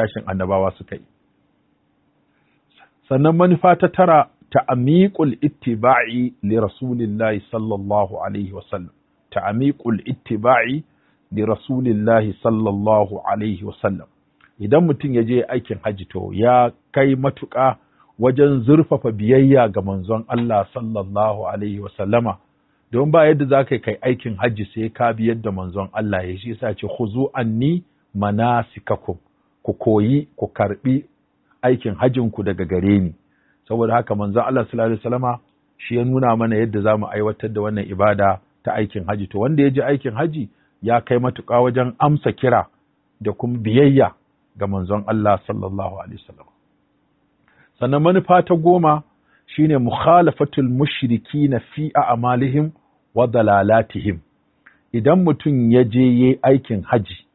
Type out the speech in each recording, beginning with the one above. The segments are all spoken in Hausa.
sashen annabawa suka yi sannan manufa ta tara ta'amiqul ittiba'i li rasulillahi sallallahu alaihi wasallam ta'amiqul ittiba'i li rasulillahi sallallahu alaihi wasallam idan mutum ya je aikin hajji to ya kai matuƙa wajen zurfafa biyayya ga manzon Allah sallallahu alaihi wasallama don ba yadda za ka kai aikin hajji sai ka bi yadda manzon Allah ya shi sa ce khuzu anni manasikakum ku koyi ku karbi aikin hajjin ku daga gare ni saboda haka manzo Allah sallallahu alaihi wasallama shi ya nuna mana yadda zamu aiwatar da wannan ibada ta aikin haji to wanda ya ji aikin haji ya kai matuƙa wajen amsa kira da kuma biyayya ga manzon Allah sallallahu alaihi wasallam sannan manufa ta goma shine mukhalafatul mushrikina fi a'malihim wa dalalatihim idan mutum ya je yi aikin haji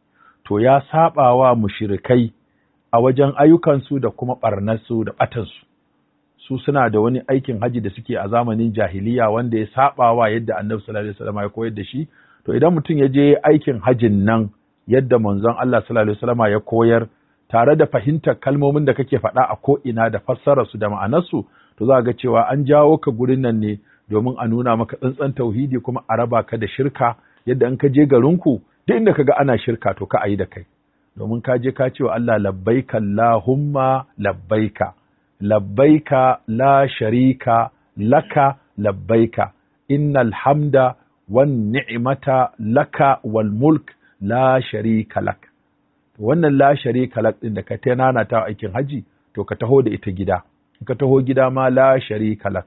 to ya saba wa mushirikai a wajen ayyukansu da kuma ɓarnarsu da ɓatansu su suna da wani aikin haji da suke a zamanin jahiliya wanda ya saba wa yadda annabi sallallahu alaihi wasallam ya koyar da shi to idan mutum ya je aikin hajin nan yadda manzon Allah sallallahu alaihi wasallam ya koyar tare da fahimtar kalmomin da kake faɗa a ko'ina da fassararsu su da ma'anarsu to za ga cewa an jawo ka gurin nan ne domin a nuna maka tsantsan tauhidi kuma a raba ka da shirka yadda in ka je garinku duk inda kaga ana shirka to ka ayi da kai domin ka je ka cewa Allah labbaika Allahumma labbaika labbaika la sharika laka labbaika innal hamda wan ni'mata laka wal mulk la sharika lak wannan la sharika lak din da ka tanana ta aikin haji to ka taho da ita gida in ka taho gida ma la sharika lak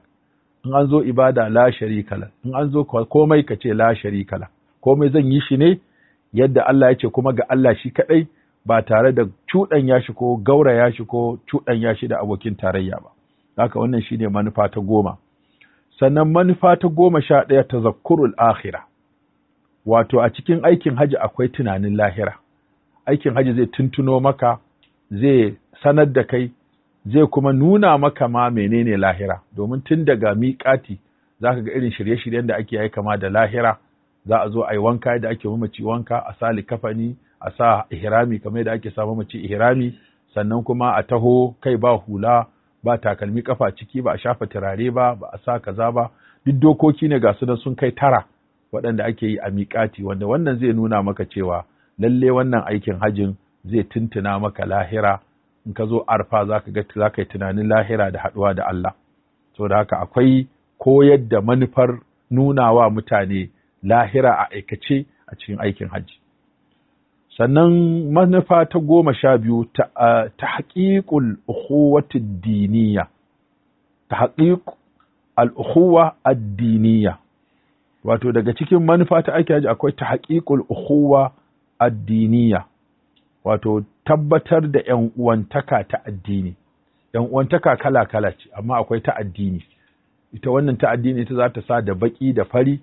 in an zo ibada la sharika lak in an zo komai ka ce la sharika lak komai zan yi shi ne yadda Allah ya ce kuma ga Allah shi kaɗai ba tare da cuɗan ya shi ko gaura ya shi ko cuɗan ya shi da abokin tarayya ba. Haka wannan shi ne manufa ta goma. Sannan manufa ta goma sha ɗaya ta zakkurul akhira. Wato a cikin aikin haji akwai tunanin lahira. Aikin haji zai tuntuno maka, zai sanar da kai, zai kuma nuna maka ma menene lahira. Domin tun daga miƙati za ka ga irin shirye-shiryen da ake yi kama da lahira. za a zo a yi wanka yadda ake mamaci wanka a sa likafani a sa ihrami kamar yadda ake sa mamaci ihrami sannan kuma a taho kai ba hula ba takalmi kafa ciki ba a shafa turare ba ba a sa kaza ba duk dokoki ne ga su sun kai tara waɗanda ake yi a miƙati wanda wannan zai nuna maka cewa lalle wannan aikin hajin zai tuntuna maka lahira in ka zo arfa za ka za yi tunanin lahira da haɗuwa da Allah saboda haka akwai koyar da manufar nunawa mutane lahira a aikace a cikin aikin hajji sannan manufa ta goma sha biyu ta haƙiƙul ukhuwati diniya ta al’uhuwa addiniya wato daga cikin manufa ta aiki hajji akwai ta haƙiƙul ukhuwa addiniya wato tabbatar da ‘yan uwantaka ta addini yanuwantaka kala-kala ce amma akwai ta addini ita wannan ta addini ta za ta sa da baƙi da fari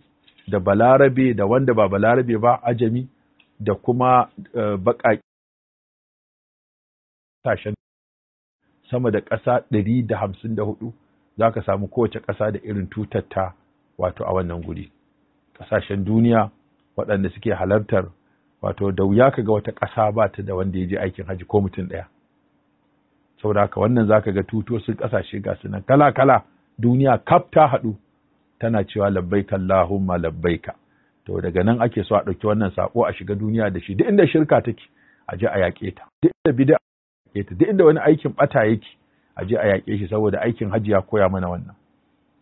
da balarabe da wanda ba balarabe ba ajami da kuma eh, baƙaƙe tashen sama da ƙasa ɗari da hamsin da hudu za ka samu kowace ƙasa da irin tutatta wato a wannan guri ƙasashen duniya waɗanda suke halartar wato da wuya ka ga wata ƙasa ba ta da wanda ya je aikin haji ko mutum ɗaya saboda haka wannan za ka ga tutuwar sun ƙasashe ga su nan kala kala duniya kaf ta haɗu tana cewa labbaika Allahumma labbaika to daga nan ake so a ɗauki wannan sako a shiga duniya da shi duk inda shirka take a je a yaƙe ta duk inda bid'a yaƙe ta duk inda wani aikin bata yake a je a yaƙe shi saboda aikin hajji ya koya mana wannan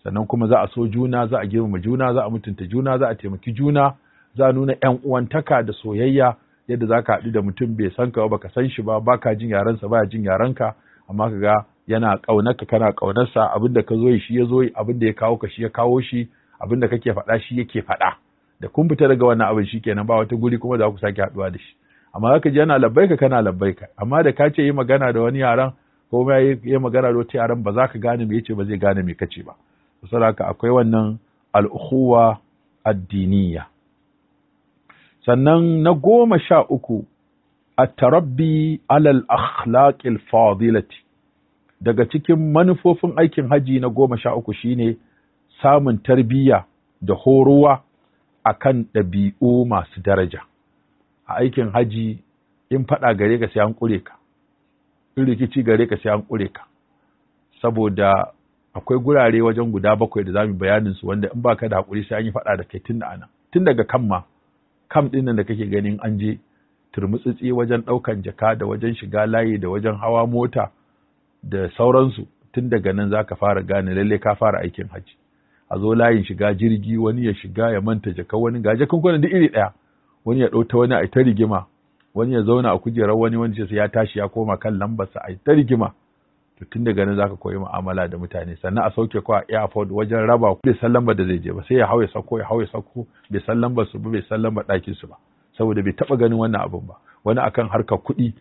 sannan kuma za a so juna za a girmama juna za a mutunta juna za a taimaki juna za a nuna ƴan uwantaka da soyayya yadda za ka haɗu da mutum bai san ka ba ka san shi ba ba ka jin yarensa ba ya jin ka amma ka ga yana ƙaunaka, kana ƙaunarsa abinda ka zo shi ya zo abinda ya kawo ka shi ya kawo shi abinda kake faɗa shi yake faɗa da kun fita daga wannan abin shi kenan ba wata guri kuma za ku sake haɗuwa da shi amma ka ji yana labbaika kana labbaika amma da ka ce yi magana da wani yaran ko ma yi magana da wata yaran ba za ka gane me yace ba zai gane me kace ba saboda haka akwai wannan al'ukhuwa addiniya sannan na goma sha uku a tarabbi alal akhlaqil fadilati daga cikin manufofin aikin haji na goma sha uku shine samun tarbiyya da horowa a kan ɗabi'u masu daraja a aikin haji in faɗa gare ka sai an ƙure ka in rikici gare ka sai an ƙure ka saboda akwai gurare wajen guda bakwai da zamu bayanin su wanda in ba ka da hakuri sai an yi faɗa da kai tun da ana tun daga kan ma kam ɗin nan da kake ganin an je turmutsitsi wajen ɗaukan jaka da wajen shiga layi da wajen hawa mota da sauransu tun daga nan za ka fara gane lalle ka fara aikin hajji a zo layin shiga jirgi wani ya shiga ya manta jaka wani ga kwanan duk iri ɗaya wani ya ɗauta wani a ta rigima wani ya zauna a kujerar wani wani sai ya tashi ya koma kan lambarsa a ta rigima to tun daga nan za ka koyi mu'amala da mutane sannan a sauke ko a airport wajen raba ku bai san lambar da zai je ba sai ya hau ya sako ya hau ya sauko. bai san lambar su ba bai san lambar ɗakin su ba saboda bai taɓa ganin wannan abun ba wani akan harkar kuɗi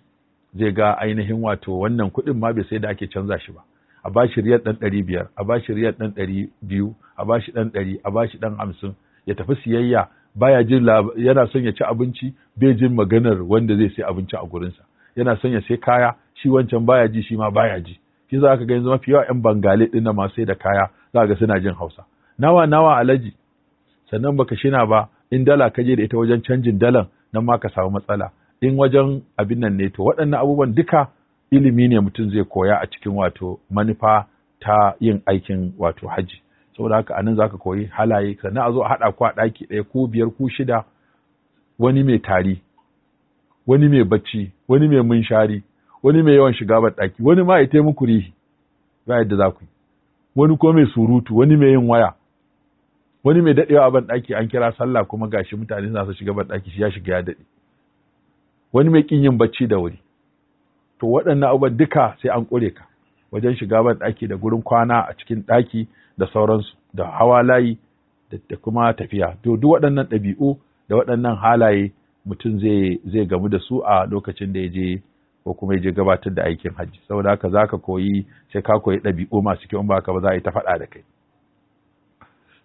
zai ga ainihin wato wannan kuɗin ma bai sai da ake canza shi ba a ba shi riyar ɗan ɗari biyar a ba shi riyar ɗan ɗari biyu a ba shi ɗan ɗari a ba shi ɗan hamsin ya tafi siyayya baya jin yana son ya ci abinci bai jin maganar wanda zai sai abinci a gurinsa yana son ya sai kaya shi wancan baya ji shi ma baya ji shi za ka ga yanzu mafi yawa 'yan bangale ɗin na masu sai da kaya za ga suna jin hausa nawa nawa alaji sannan baka shina ba in dala ka je da ita wajen canjin dalan nan ma ka samu matsala in wajen abin nan ne to waɗannan abubuwan duka ilimi ne mutum zai koya a cikin wato manufa ta yin aikin wato haji saboda haka anan zaka koyi halaye sannan a zo a haɗa ku a ɗaki ɗaya ko biyar ko shida wani mai tari wani mai bacci wani mai munshari wani mai yawan shiga ɗaki wani ma ya taimaku rihi ba yadda za ku yi wani ko mai surutu wani mai yin waya wani mai daɗewa a ban ɗaki an kira sallah kuma gashi mutane suna su shiga bar ɗaki shi ya shiga ya daɗe wani mai kin yin bacci da wuri to waɗannan abubuwan duka sai an ƙure ka wajen shiga ban ɗaki da gurin kwana a cikin ɗaki da sauransu da hawa layi da kuma tafiya to duk waɗannan ɗabi'u da waɗannan halaye mutum zai gamu da su a lokacin da ya je ko kuma ya je gabatar da aikin hajji saboda haka zaka koyi sai ka koyi ɗabi'u masu kyau ba ka ba za a yi ta faɗa da kai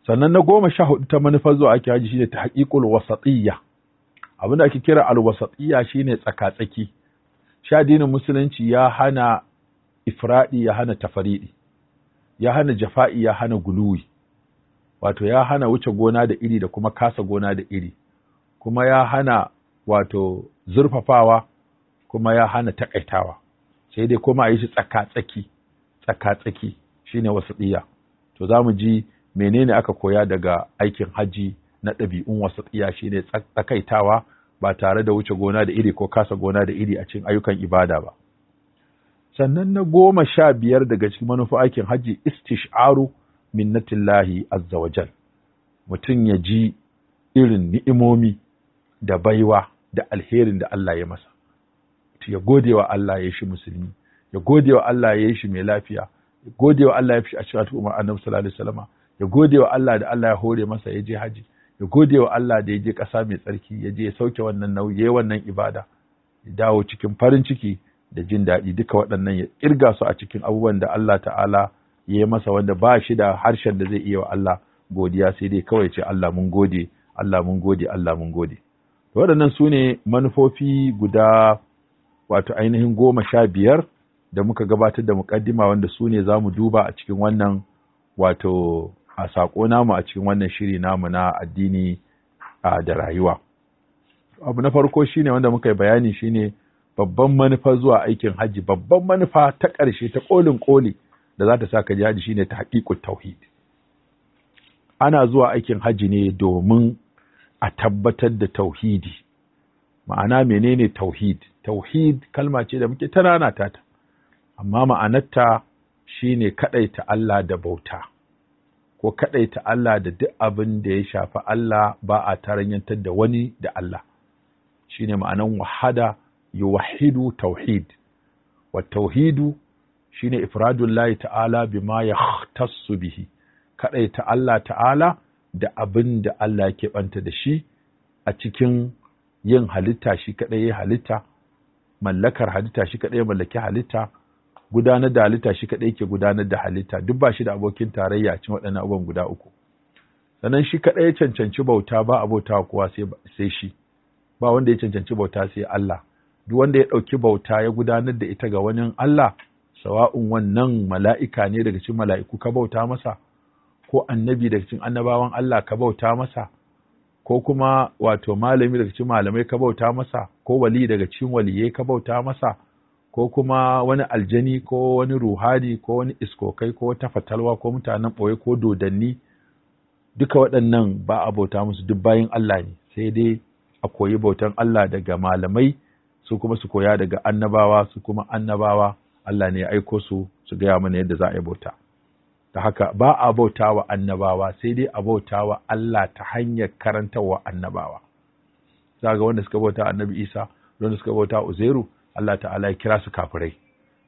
sannan na goma sha hudu ta manufar zuwa ake hajji shine ta haƙiƙul wasaƙiyya abin da ake kira alwasatiyya shine tsakatsaki. Sha shi musulunci ya hana ifradi ya hana tafaridi ya hana jafa'i ya hana guluwi wato ya hana wuce gona da iri da kuma kasa gona da iri kuma ya hana wato zurfafawa kuma ya hana takaitawa sai dai kuma a yi shi tsakatsaki, tsakatsaki shine wasatiyya to za mu ji menene aka koya daga aikin hajji na ɗabi'un shi ne tsakaitawa ba tare da wuce gona da iri ko kasa gona da iri a cikin ayyukan ibada ba sannan na goma sha biyar daga cikin manufa aikin hajji istish'aru minnatillahi azza wajal mutum ya ji irin ni'imomi da baiwa da alherin da Allah ya masa ya gode wa Allah ya shi musulmi ya gode wa Allah ya shi mai lafiya ya gode wa Allah ya fi a cikin umar annabi sallallahu alaihi ya gode wa Allah da Allah ya hore masa ya je hajji. ya gode wa Allah da ya je ƙasa mai tsarki ya je ya sauke wannan nauyi ya wannan ibada ya dawo cikin farin ciki da jin daɗi duka waɗannan ya kirga su a cikin abubuwan da Allah ta'ala ya yi masa wanda ba shi da harshen da zai iya wa Allah godiya sai dai kawai ce Allah mun gode Allah mun gode Allah mun gode waɗannan su ne manufofi guda wato ainihin goma sha biyar da muka gabatar da muƙaddima wanda su ne za mu duba a cikin wannan wato a saƙo namu a cikin wannan shiri namu na addini da rayuwa abu na farko shi ne wanda muka yi bayani shi ne babban manufa zuwa aikin hajji babban manufa ta ƙarshe ta ƙolin ƙoli da za ta sa ka jihadi shi shine ta tauhid ana zuwa aikin hajji ne domin a tabbatar da tauhidi ma'ana menene tauhid tauhid kalma ce da muke ta rana ta amma ma'anarta shine kaɗaita Allah da bauta ko kaɗaita Allah da duk abin da ya shafi Allah ba a taranyantar da wani da Allah shine ma'anan wahada yuwahidu tauhid wa tauhidu shine ifradullahi ta'ala bima yahtassu bihi kaɗaita Allah ta'ala da abin da Allah ya keɓanta da shi a cikin yin halitta shi kaɗai ya halitta mallakar halitta shi kaɗai ya mallaki halitta gudanar da halitta shi kaɗai ke gudanar da halitta duk ba shi da abokin tarayya cin waɗannan abubuwan guda uku sannan shi kaɗai ya cancanci bauta ba abota kowa sai shi ba wanda ya cancanci bauta sai Allah duk wanda ya ɗauki bauta ya gudanar da ita ga wani Allah sawa'un wannan mala'ika ne daga cikin mala'iku ka bauta masa ko annabi daga cikin annabawan Allah ka bauta masa ko kuma wato malami daga cikin malamai ka bauta masa ko wali daga cikin waliyai ka bauta masa ko kuma wani aljani ko wani ruhani ko wani iskokai ko wata fatalwa ko mutanen ɓoye ko dodanni duka waɗannan ba a bauta musu duk bayan Allah ne sai dai a koyi bautan Allah daga malamai su kuma su koya daga annabawa su kuma annabawa Allah ne ya aiko su su gaya mana yadda za a yi bauta ta haka ba a bauta wa annabawa sai dai a bauta wa Allah ta hanyar karantawa annabawa za ga wanda suka bauta annabi Isa wanda suka bauta Uzairu Allah ta'ala ya kira su kafirai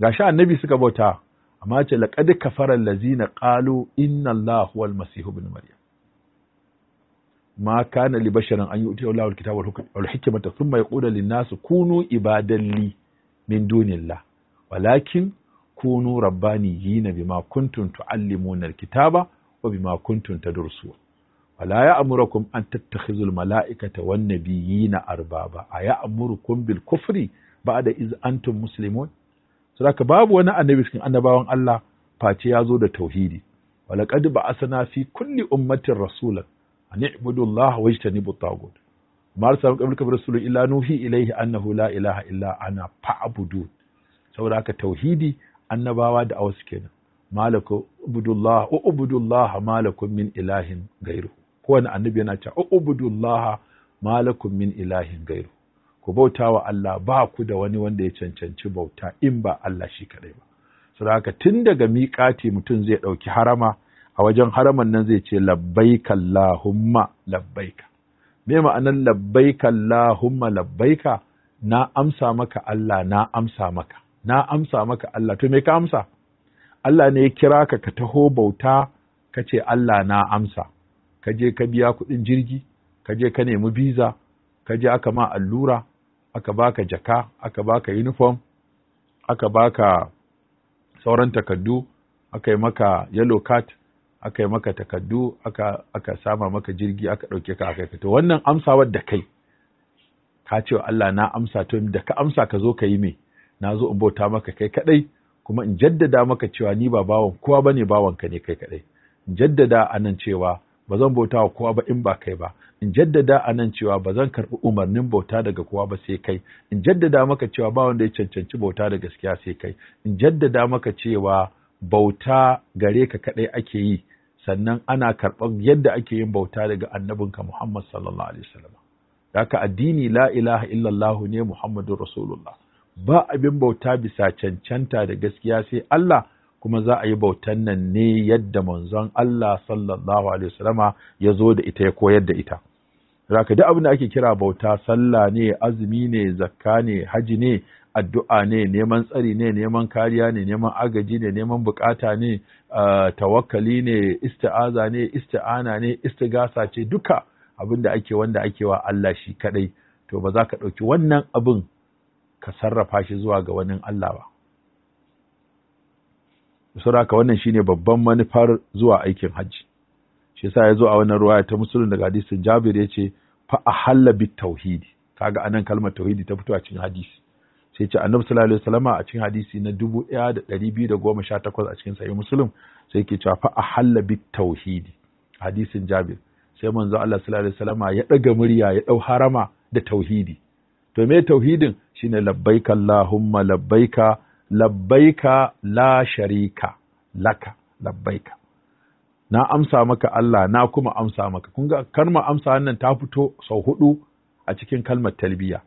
gashi annabi suka bauta amma ce laqad kafara allazina qalu inna Allah huwal masih ibn maryam ma kana li basharin an yu'ti Allahu al-kitaba wal hikmata thumma yaqulu lin-nas kunu ibadan li min dunillah walakin kunu rabbaniyina bima kuntum tu'allimuna al-kitaba wa bima kuntum tadrusun ولا يأمركم أن تتخذوا الملائكة والنبيين أربابا أيأمركم بالكفر ba'da iz antum muslimun saboda babu wani annabi cikin annabawan Allah face ya zo da tauhidi walaqad ba'asna fi kulli ummatin rasul an i'budu Allah wa yajtanibu tagut mar sa arsalna qablaka rasul illa nuhi ilayhi annahu la ilaha illa ana fa'budu saboda haka tauhidi annabawa da awasu kenan malaku ubudullah Allah malakum min ilahin gairu kowane annabi yana cewa Allah malakum min ilahin gairu ku bauta wa Allah ba ku da wani wanda ya cancanci bauta in ba Allah shi kaɗai ba. Saboda tun daga miƙati mutum zai ɗauki harama a wajen haraman nan zai ce labbaika Allahumma labbaika. Me ma'anar labbaika Allahumma labbaika na amsa maka Allah na amsa maka. Na amsa maka Allah to me ka amsa? Allah ne ya kira ka ka taho bauta ka ce Allah na amsa. Ka je ka biya kuɗin jirgi, ka je ka nemi biza, ka je aka ma allura, aka baka jaka aka baka uniform aka baka sauran takaddu aka yi maka yellow card aka yi maka takaddu aka aka sama maka jirgi aka ɗauke ka aka fito wannan amsawar da kai ka ce wa Allah na amsa to da ka amsa ka zo ka yi me na zo in bauta maka kai kadai kuma in jaddada maka cewa ni ba bawan kowa bane bawan ka ne kai kadai in jaddada anan cewa ba zan bauta wa kowa ba in ba kai ba in jaddada a nan cewa ba zan karɓi umarnin bauta daga kowa ba sai kai in jaddada maka cewa ba wanda ya cancanci bauta da gaskiya sai kai in jaddada maka cewa bauta gare ka kaɗai ake yi sannan ana karɓar yadda ake yin bauta daga annabinka Muhammad sallallahu alaihi wasallam haka addini la ilaha illallah ne Muhammadur Rasulullah ba abin bauta bisa cancanta da gaskiya sai Allah kuma za a yi bautan nan ne yadda manzon Allah sallallahu alaihi wasallama ya zo da ita ya koyar da ita zaka duk abin da ake kira bauta sallah ne azumi ne zakka ne haji ne addu'a ne neman tsari ne neman kariya ne neman agaji ne neman bukata ne tawakkali ne isti'aza ne isti'ana ne istigasa ce duka abin da ake wanda ake wa Allah shi kadai to ba za ka ɗauki wannan abin ka sarrafa shi zuwa ga wani Allah ba saboda wannan shine babban manufar zuwa aikin hajji shi yasa ya zo a wannan ruwaya ta musulun daga hadisin jabir ya ce fa ahalla bit tauhidi kaga anan kalmar tauhidi ta fito a cikin hadisi sai ce annabi sallallahu alaihi wasallama a cikin hadisi na 1218 a cikin sahih muslim sai yake cewa fa ahalla bit tauhidi hadisin jabir sai manzo Allah sallallahu alaihi wasallama ya daga murya ya dau harama da tauhidi to me tauhidin shine labbaika allahumma labbaika labbaika la sharika laka labbaika na amsa maka Allah na kuma amsa maka kun ga kalmar amsa wannan ta fito sau hudu a cikin kalmar talbiya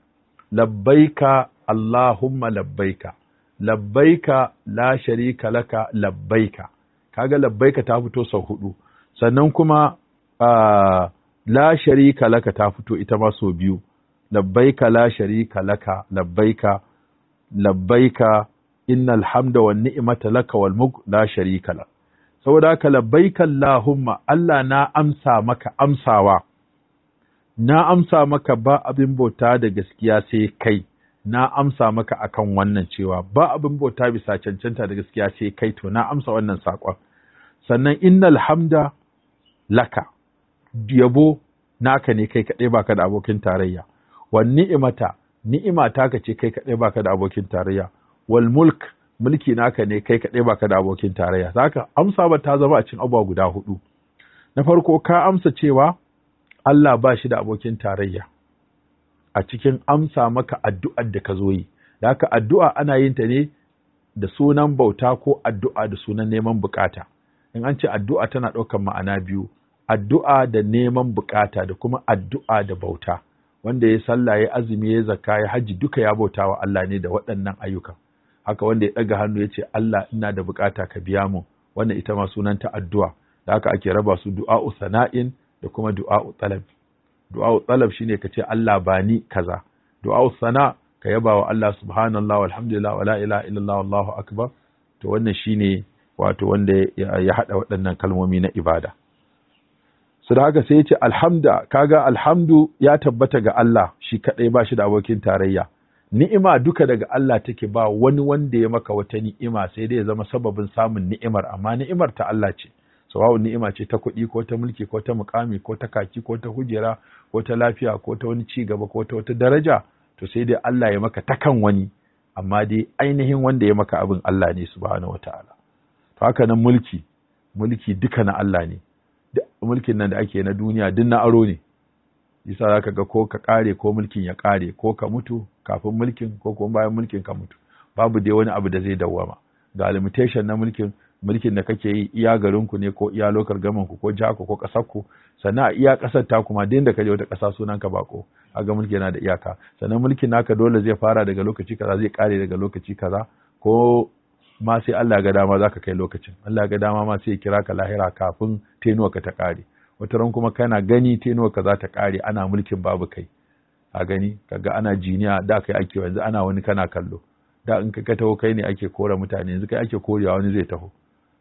labbaika Allahumma labbaika labbaika la sharika laka labbaika kaga labbaika ta fito sau hudu sannan kuma uh, la sharika laka ta fito ita ma sau biyu labbaika la sharika laka labbaika labbaika innal hamda wan ni'mata laka wal mulk la sharika la saboda haka labbaika allahumma Allah na amsa maka amsawa na amsa maka ba abin bauta da gaskiya sai kai na amsa maka akan wannan cewa ba abin bauta bisa cancanta da gaskiya sai kai to na amsa wannan sakon sannan innal hamda laka yabo naka ne kai kaɗai baka da abokin tarayya wa ni'imata ni'ima taka ce kai kaɗai baka da abokin tarayya wal mulk mulki naka ne kai kaɗai baka da abokin tarayya zaka amsa ba ta zama a cikin abubuwa guda hudu na farko ka amsa cewa Allah ba shi da abokin tarayya a cikin amsa maka addu'ar da ka zo yi haka addu'a ana yin ta ne da sunan bauta ko addu'a da sunan neman bukata in an ce addu'a tana ɗaukar ma'ana biyu addu'a da neman bukata da kuma addu'a da bauta wanda ya sallah ya azumi ya zakka ya haji duka ya bautawa Allah ne da waɗannan ayyukan haka wanda ya ɗaga hannu ya ce Allah ina da bukata ka biya mu wannan ita ma sunanta addu'a da haka ake raba su du'a'u sana'in da kuma du'a'u talab du'a'u talab shine ka ce Allah ba ni kaza du'a'u sana ka yaba wa Allah subhanallah wa wala ilaha illallah wallahu akbar to wannan shine wato wanda ya hada waɗannan kalmomi na ibada su da haka sai ya ce alhamda kaga alhamdu ya tabbata ga Allah shi kadai ba shi da abokin tarayya ni'ima duka daga Allah take ba wani wanda ya maka wata ni'ima sai dai ya zama sababin samun ni'imar amma ni'imar ta Allah ce sawa'u ni'ima ce ta kuɗi ko ta mulki ko ta mukami ko ta kaki ko ta hujera ko ta lafiya ko ta wani ci gaba ko ta wata daraja to sai dai Allah ya maka ta kan wani amma dai ainihin wanda ya maka abin Allah ne subhanahu wataala to haka nan mulki mulki duka na Allah ne mulkin nan da ake na duniya duk na aro ne yasa zaka ga ko ka kare ko mulkin ya kare ko ka mutu kafin mulkin ko kuma bayan mulkin ka mutu babu dai wani abu da zai dawwama ga limitation na mulkin mulkin da kake yi iya garinku ne ko iya lokar gaman ku ko jako ko kasar ku sannan a iya kasar ta kuma da inda ka je wata kasa sunan ka bako aga mulki yana da iyaka sannan mulkin naka dole zai fara daga lokaci kaza zai kare daga lokaci kaza ko ma sai Allah ga dama zaka kai lokacin Allah ga dama ma sai kira ka lahira kafin tenuwa ka ta kare wata ran kuma kana gani tenuwa ka za ta kare ana mulkin babu kai a gani kaga ana jiniya da kai ake yanzu ana wani kana kallo da in ka taho kai ne ake kora mutane yanzu kai ake korewa wani zai taho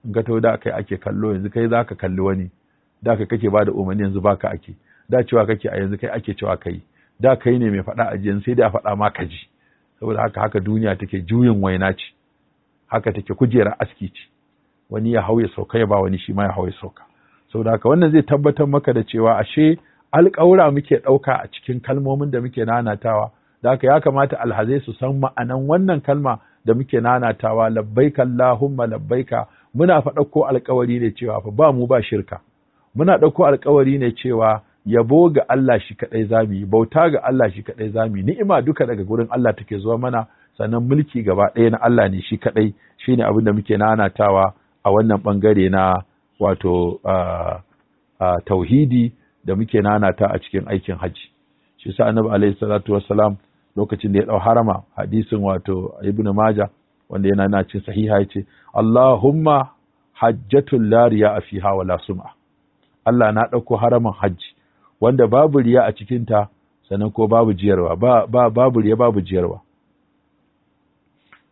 in ka taho da kai ake kallo yanzu kai za ka kalli wani da kai kake ba da umarni yanzu baka ake da cewa kake a yanzu kai ake cewa kai da kai ne mai faɗa a sai da a faɗa ma ka ji saboda haka haka duniya take juyin waina ce haka take kujerar aski ce wani ya hau ya sauka ya ba wani shi ma ya hau ya sauka saboda haka wannan zai tabbatar maka da cewa ashe alƙawura muke ɗauka a cikin kalmomin da muke nanatawa da haka ya kamata alhazai su san ma'anan wannan kalma da muke nanatawa labbaika Allahumma labbaika muna fa ɗauko alƙawari ne cewa fa ba mu ba shirka muna ɗauko alƙawari ne cewa yabo ga Allah shi kaɗai zamu yi bauta ga Allah shi kaɗai zamu yi ni'ima duka daga gurin Allah take zuwa mana sannan mulki gaba ɗaya na Allah ne shi kaɗai shine abin da muke nanatawa a wannan ɓangare na wato ah, ah, tauhidi da muke nanata a cikin aikin hajji shi sa annabi alaihi salatu wassalam lokacin da ya dau harama hadisin wato ibn maja wanda yana na cikin sahiha yace allahumma hajjatul Lariya riya fiha wala sum'a Allah na dauko haramin hajji wanda babu riya a cikin ta sannan ko babu jiyarwa ba, babu riya babu jiyarwa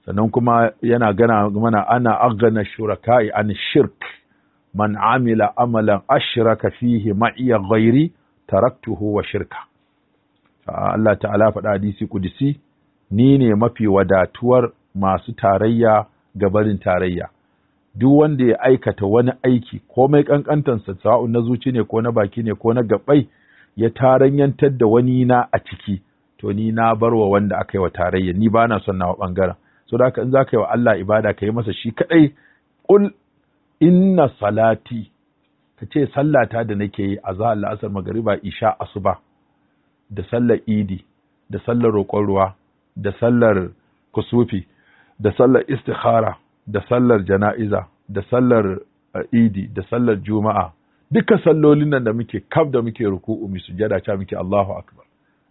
sannan kuma yana gana mana ana agana shuraka'i an shirk man amila amalan ashraka fihi ma'iya ghairi taraktuhu wa shirka ah, Allah ta'ala faɗa hadisi kudisi ni ne mafi wadatuwar masu tarayya ga barin tarayya duk wanda ya aikata wani aiki komai kankantansa sa'un na zuci ne ko na baki ne ko na gabai ya taranyantar da wani na a ciki to ni na barwa wanda aka yi wa tarayya ni ba na son nawa bangaren so da in za ka yi wa Allah ibada ka yi masa shi kadai kul inna salati ta ce sallata da nake yi a zahar la'asar magariba isha asuba da sallar idi da sallar roƙon ruwa da sallar kusufi da sallar istikhara da sallar jana'iza da sallar eh, idi da sallar juma'a duka sallolin nan da muke kaf da muke ruku'u mu sujada cha muke Allahu akbar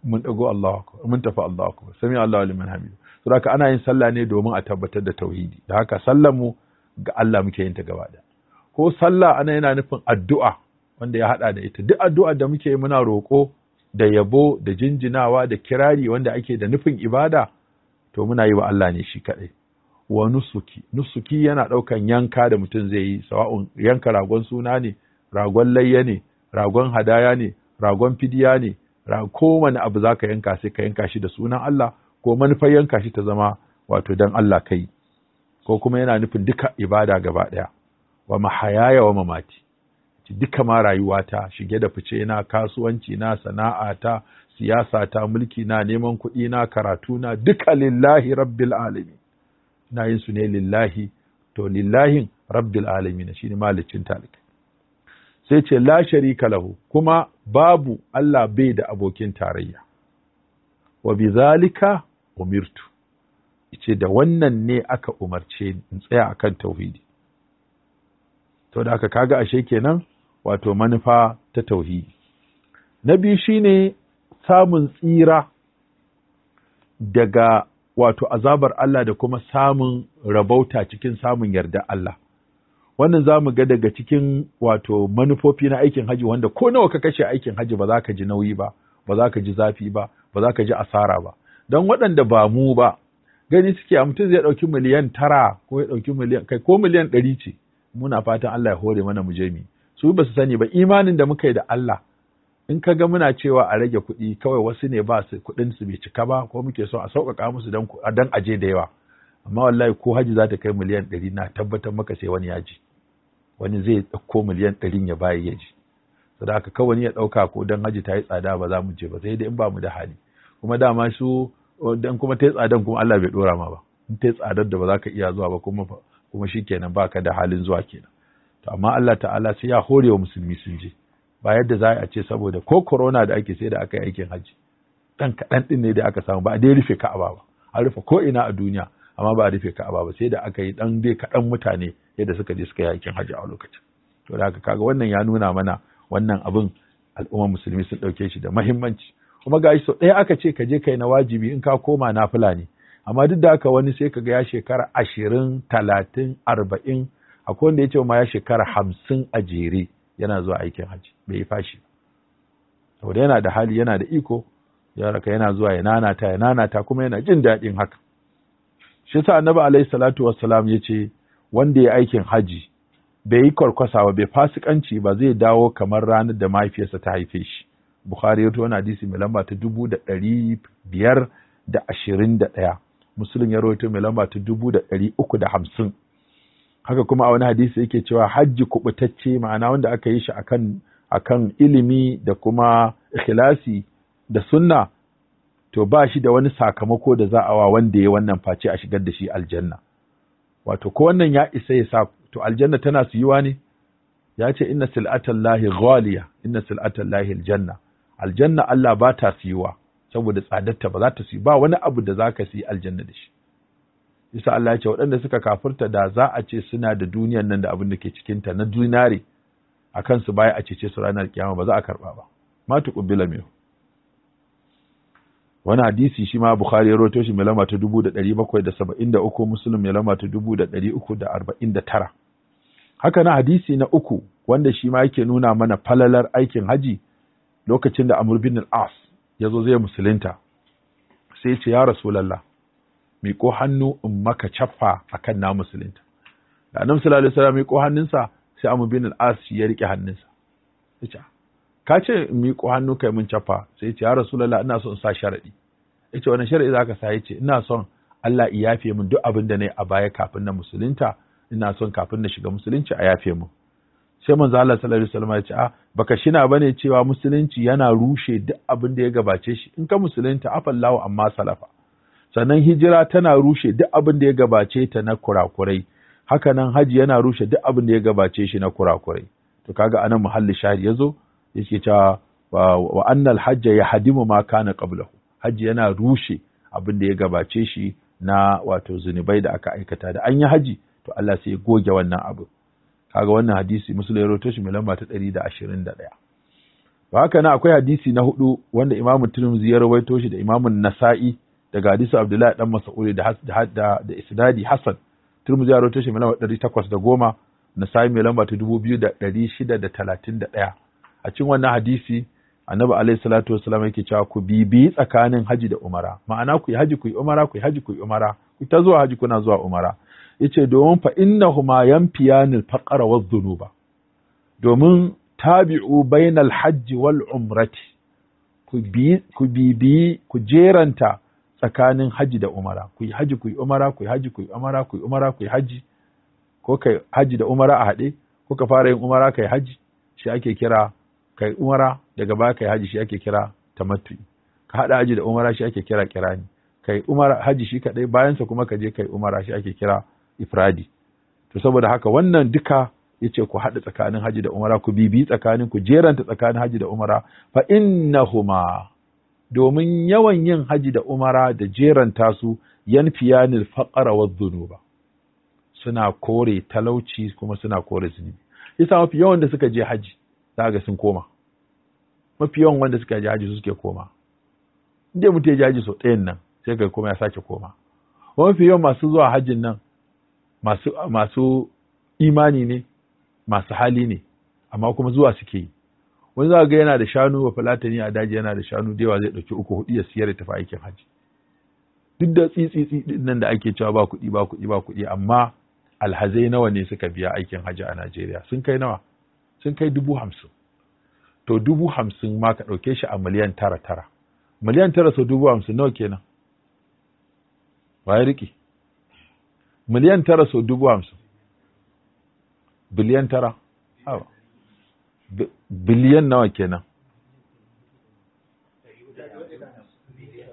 mun dago Allahu akbar mun tafi Allahu akbar sami Allahu liman hamid saboda ana yin sallah ne domin a tabbatar da tauhidi da haka sallar mu ga Allah muke yin ta gaba da ko sallah ana yana nufin addu'a wanda ya haɗa da ita duk addu'a da muke muna roƙo da yabo da jinjinawa da kirari wanda ake da nufin ibada to muna yi wa Allah ne shi kaɗai wa nusuki nusuki yana ɗaukan yanka da mutum zai yi sawa'un yanka ragon suna ne ragon layya ne ragon hadaya ne ragon fidiya ne Ko wani abu za ka yanka sai ka yanka shi da sunan Allah ko manufar yanka shi ta zama wato don Allah kai ko kuma yana nufin duka ibada gaba ɗaya wa mahayaya wa mamati duka ma rayuwata shige da fice na kasuwanci na sana'a sana'ata ta, mulki na neman kuɗi na karatu na duka lillahi rabbil alamin ina yin su ne lillahi to lillahin rabbil alamin shine malicin talik sai ce la sharika lahu kuma babu Allah bai da abokin tarayya wa bizalika umirtu ce da wannan ne aka umarce in tsaya akan tauhidi to da aka kaga ashe kenan wato manufa ta tauhidi na biyu shine samun tsira daga wato azabar Allah da kuma samun rabauta cikin samun yarda Allah wannan za mu ga daga cikin wato manufofi na aikin haji wanda ko nawa ka kashe aikin haji ba za ka ji nauyi ba ba za ka ji zafi ba ba za ka ji asara ba don waɗanda ba mu ba gani suke a mutum zai ɗauki miliyan tara ko ya ɗauki miliyan kai ko miliyan ɗari ce muna fatan Allah ya hore mana mu je mi su ba su sani ba imanin da muka yi da Allah in ka ga muna cewa a rage kuɗi kawai wasu ne ba su kuɗin su bai cika ba ko muke so a sauƙaƙa musu dan dan aje da yawa amma wallahi ko haji za ta kai miliyan ɗari na tabbatar maka sai wani ya ji. wani zai ɗauko miliyan ɗarin ya bayi ya ji saboda haka kawai ya ɗauka ko dan haji ta yi tsada ba za mu je ba sai dai in ba mu da hali kuma dama su dan kuma ta tsadan kuma Allah bai dora ma ba in ta tsadar da ba za ka iya zuwa ba kuma kuma shikenan baka da halin zuwa kenan to amma Allah ta'ala sai ya hore wa musulmi sun je ba yadda za a ce saboda ko corona da ake sai da aka yi aikin hajji dan kaɗan ɗin ne da aka samu ba a dai rufe ka'aba ba an rufe ko ina a duniya amma ba a rufe ka'aba ba sai da aka yi dan dai kaɗan mutane yadda suka je suka yi aikin hajji a lokacin to da haka kaga wannan ya nuna mana wannan abin al'ummar musulmi sun ɗauke shi da mahimmanci kuma ga shi sau ɗaya aka ce ka je kai na wajibi in ka koma nafila ne amma duk da haka wani sai ka ga ya shekara ashirin talatin arba'in akwai wanda ya ce ma ya shekara hamsin a jere yana zuwa aikin hajji bai yi fashi saboda yana da hali yana da iko yaraka yana zuwa ya nanata ya nanata kuma yana jin daɗin haka shi sa annabi alaihi salatu wassalam ya ce wanda ya aikin hajji bai yi kwarkwasa ba bai fasikanci ba zai dawo kamar ranar da mahaifiyarsa ta haife shi bukhari ya wani hadisi mai lamba ta dubu da ɗari biyar da ashirin da ɗaya musulun ya rawaito mai lamba ta dubu da ɗari uku da hamsin haka kuma a wani hadisi yake cewa hajji kuɓutacce ma'ana wanda aka yi shi akan akan ilimi da kuma ikhlasi da sunna to ba shi da wani sakamako da za a wa wanda ya wannan face a shigar da shi aljanna wato ko wannan ya isa ya sa to aljanna tana su yiwa ne ya ce inna sil'atan lahi ghaliya inna sil'atan lahi aljanna aljanna Allah ba ta siyuwa saboda tsadarta ba za ta siyu ba wani abu da za ka siyi aljanna da shi Isa Allah ya ce waɗanda suka kafirta da za a ce suna da duniyar nan da abin da ke cikinta na dinari a kansu baya a cece su ranar kiyama ba za a karɓa ba Matu tuqbila wani hadisi shi ma Bukhari ya roto shi milama ta dubu da ɗari bakwai da saba'in da uku Musulun milama ta dubu da ɗari uku da arba'in da tara. Haka na hadisi na uku wanda shi ma yake nuna mana falalar aikin haji lokacin da amr bin al-as ya zo zai musulunta sai ce ya Mi ko hannu in maka caffa akan na musulunta da annabi sallallahu alaihi wasallam ko hannunsa sai amr bin al-as ya rike hannunsa yace ka ce mi ko hannu kai mun caffa sai ce ya Rasulullah ina son in sa sharadi yace wannan sharadi zaka sa yace ina son Allah ya yafe min duk abin da nayi a baya kafin na musulunta ina son kafin na shiga musulunci a yafe min sai manzo Allah sallallahu alaihi wasallam ya ce a baka shina bane cewa musulunci yana rushe duk abin da ya gabace shi in ka musulunta afallahu amma salafa sannan hijira tana rushe duk abin da ya gabace ta na kurakurai haka nan haji yana rushe duk abin da ya gabace shi na kurakurai to kaga anan muhalli shahid yazo yake cewa wa annal hajja ya ma kana qablahu haji yana rushe abin da ya gabace shi na wato zunubai da aka aikata da an yi haji to Allah sai ya goge wannan abin. kaga wannan hadisi musulun ya rawaito shi mai lamba ta ɗaya. ba haka na akwai hadisi na hudu wanda imamu tunum ya rawaito shi da imamun nasa'i daga hadisi abdullahi dan masa'uri da da isnadi hasan tirmidhi ya rawaito shi mai lamba 810 nasa'i mai lamba ta ɗaya. a cikin wannan hadisi annabi alaihi salatu wasallam yake cewa ku bibi tsakanin haji da umara ma'ana ku yi haji ku yi umara ku yi haji ku yi umara ku ta zuwa haji kuna zuwa umara yace domin fa innahuma yanfiyanil faqara wadh dhunuba domin tabi'u bainal hajji wal umrati ku bi ku jeranta tsakanin haji da umara ku yi haji ku yi umara ku yi haji ku yi umara ku yi umara ku yi haji ko kai haji da umara a haɗe ko ka fara yin umara kai haji shi ake kira kai umara daga baya kai haji shi ake kira tamattu ka haɗa haji da umara shi ake kira kirani kai umara haji shi kaɗai bayansa kuma ka je kai umara shi ake kira ifradi to saboda haka wannan duka yace ku haɗa tsakanin haji da umara ku bibi tsakanin ku jeranta tsakanin haji da umara fa innahuma domin yawan yin haji da umara da jeranta su yanfiyanil faqara wadh-dhunuba suna kore talauci kuma suna kore zunubi yasa mafi yawan da suka je haji za sun koma mafi yawan wanda suka je haji su suke koma inda mutum ya je haji sau ɗayan nan sai ga koma ya sake koma mafi yawan masu zuwa hajin nan masu masu imani ne masu hali ne amma kuma zuwa suke yi wani za ga yana da shanu wa falatani a daji yana da shanu da yawa zai ɗauki uku hudu ya siyar da tafi aikin hajji duk da tsitsitsi nan da ake cewa ba kuɗi ba kuɗi ba kuɗi amma alhazai nawa ne suka biya aikin hajji a Najeriya sun kai nawa sun kai dubu hamsin to dubu hamsin ma ka ɗauke shi a miliyan tara tara miliyan tara sau dubu hamsin nawa kenan waye riƙe miliyan tara sau dubu hamsin biliyan tara biliyan nawa kenan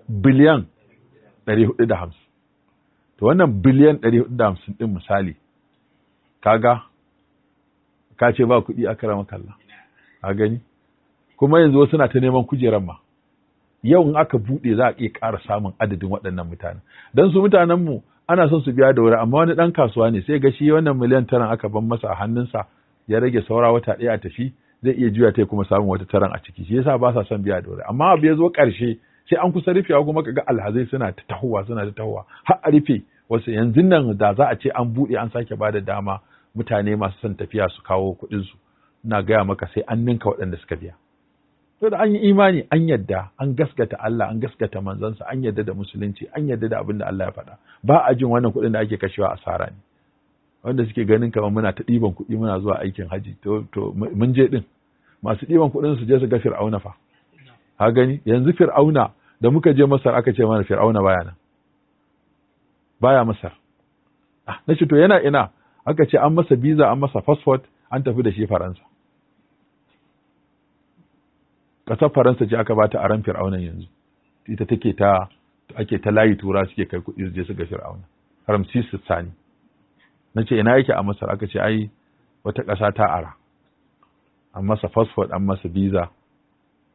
biliyan ɗari hudu da hamsin to wannan biliyan ɗari hudu da hamsin ɗin misali kaga ka ce ba kuɗi a rama kalla a gani kuma yanzu wasu na ta neman kujerar ma yau in aka buɗe za a iya ƙara samun adadin waɗannan mutane don su mutanenmu ana son su biya da wuri amma wani dan kasuwa ne sai ga shi wannan miliyan taran aka ban masa a hannunsa ya rage saura wata ɗaya a tafi zai iya juya ta kuma samun wata taran a ciki shi yasa ba sa son biya da wuri amma abu ya zo ƙarshe sai an kusa rufewa kuma kaga alhazai suna ta tahowa suna ta tahowa har a rufe wasu yanzu nan da za a ce an buɗe an sake ba da dama mutane masu son tafiya su kawo kuɗinsu ina gaya maka sai an ninka waɗanda suka biya to da an yi imani an yadda an gaskata Allah an gaskata manzansa an yadda da musulunci an yadda da abin da Allah ya faɗa ba a jin wannan kuɗin da ake kashewa asara ne wanda suke ganin kamar muna ta ɗiban kuɗi muna zuwa aikin haji to to mun je din masu ɗiban kuɗin su je su ga fir'auna fa ha gani yanzu fir'auna da muka je masar aka ce mana fir'auna baya nan baya masar ah na ce to yana ina aka ce an masa biza an masa passport an tafi da shi faransa ƙasar faransa ce aka bata aran fir'aunan yanzu ita take ta ake ta layi tura suke kai kuɗi su je su ga fir'auna su sani na ce ina yake a masar aka ce ai wata ƙasa ta ara an masa fosfod an masa biza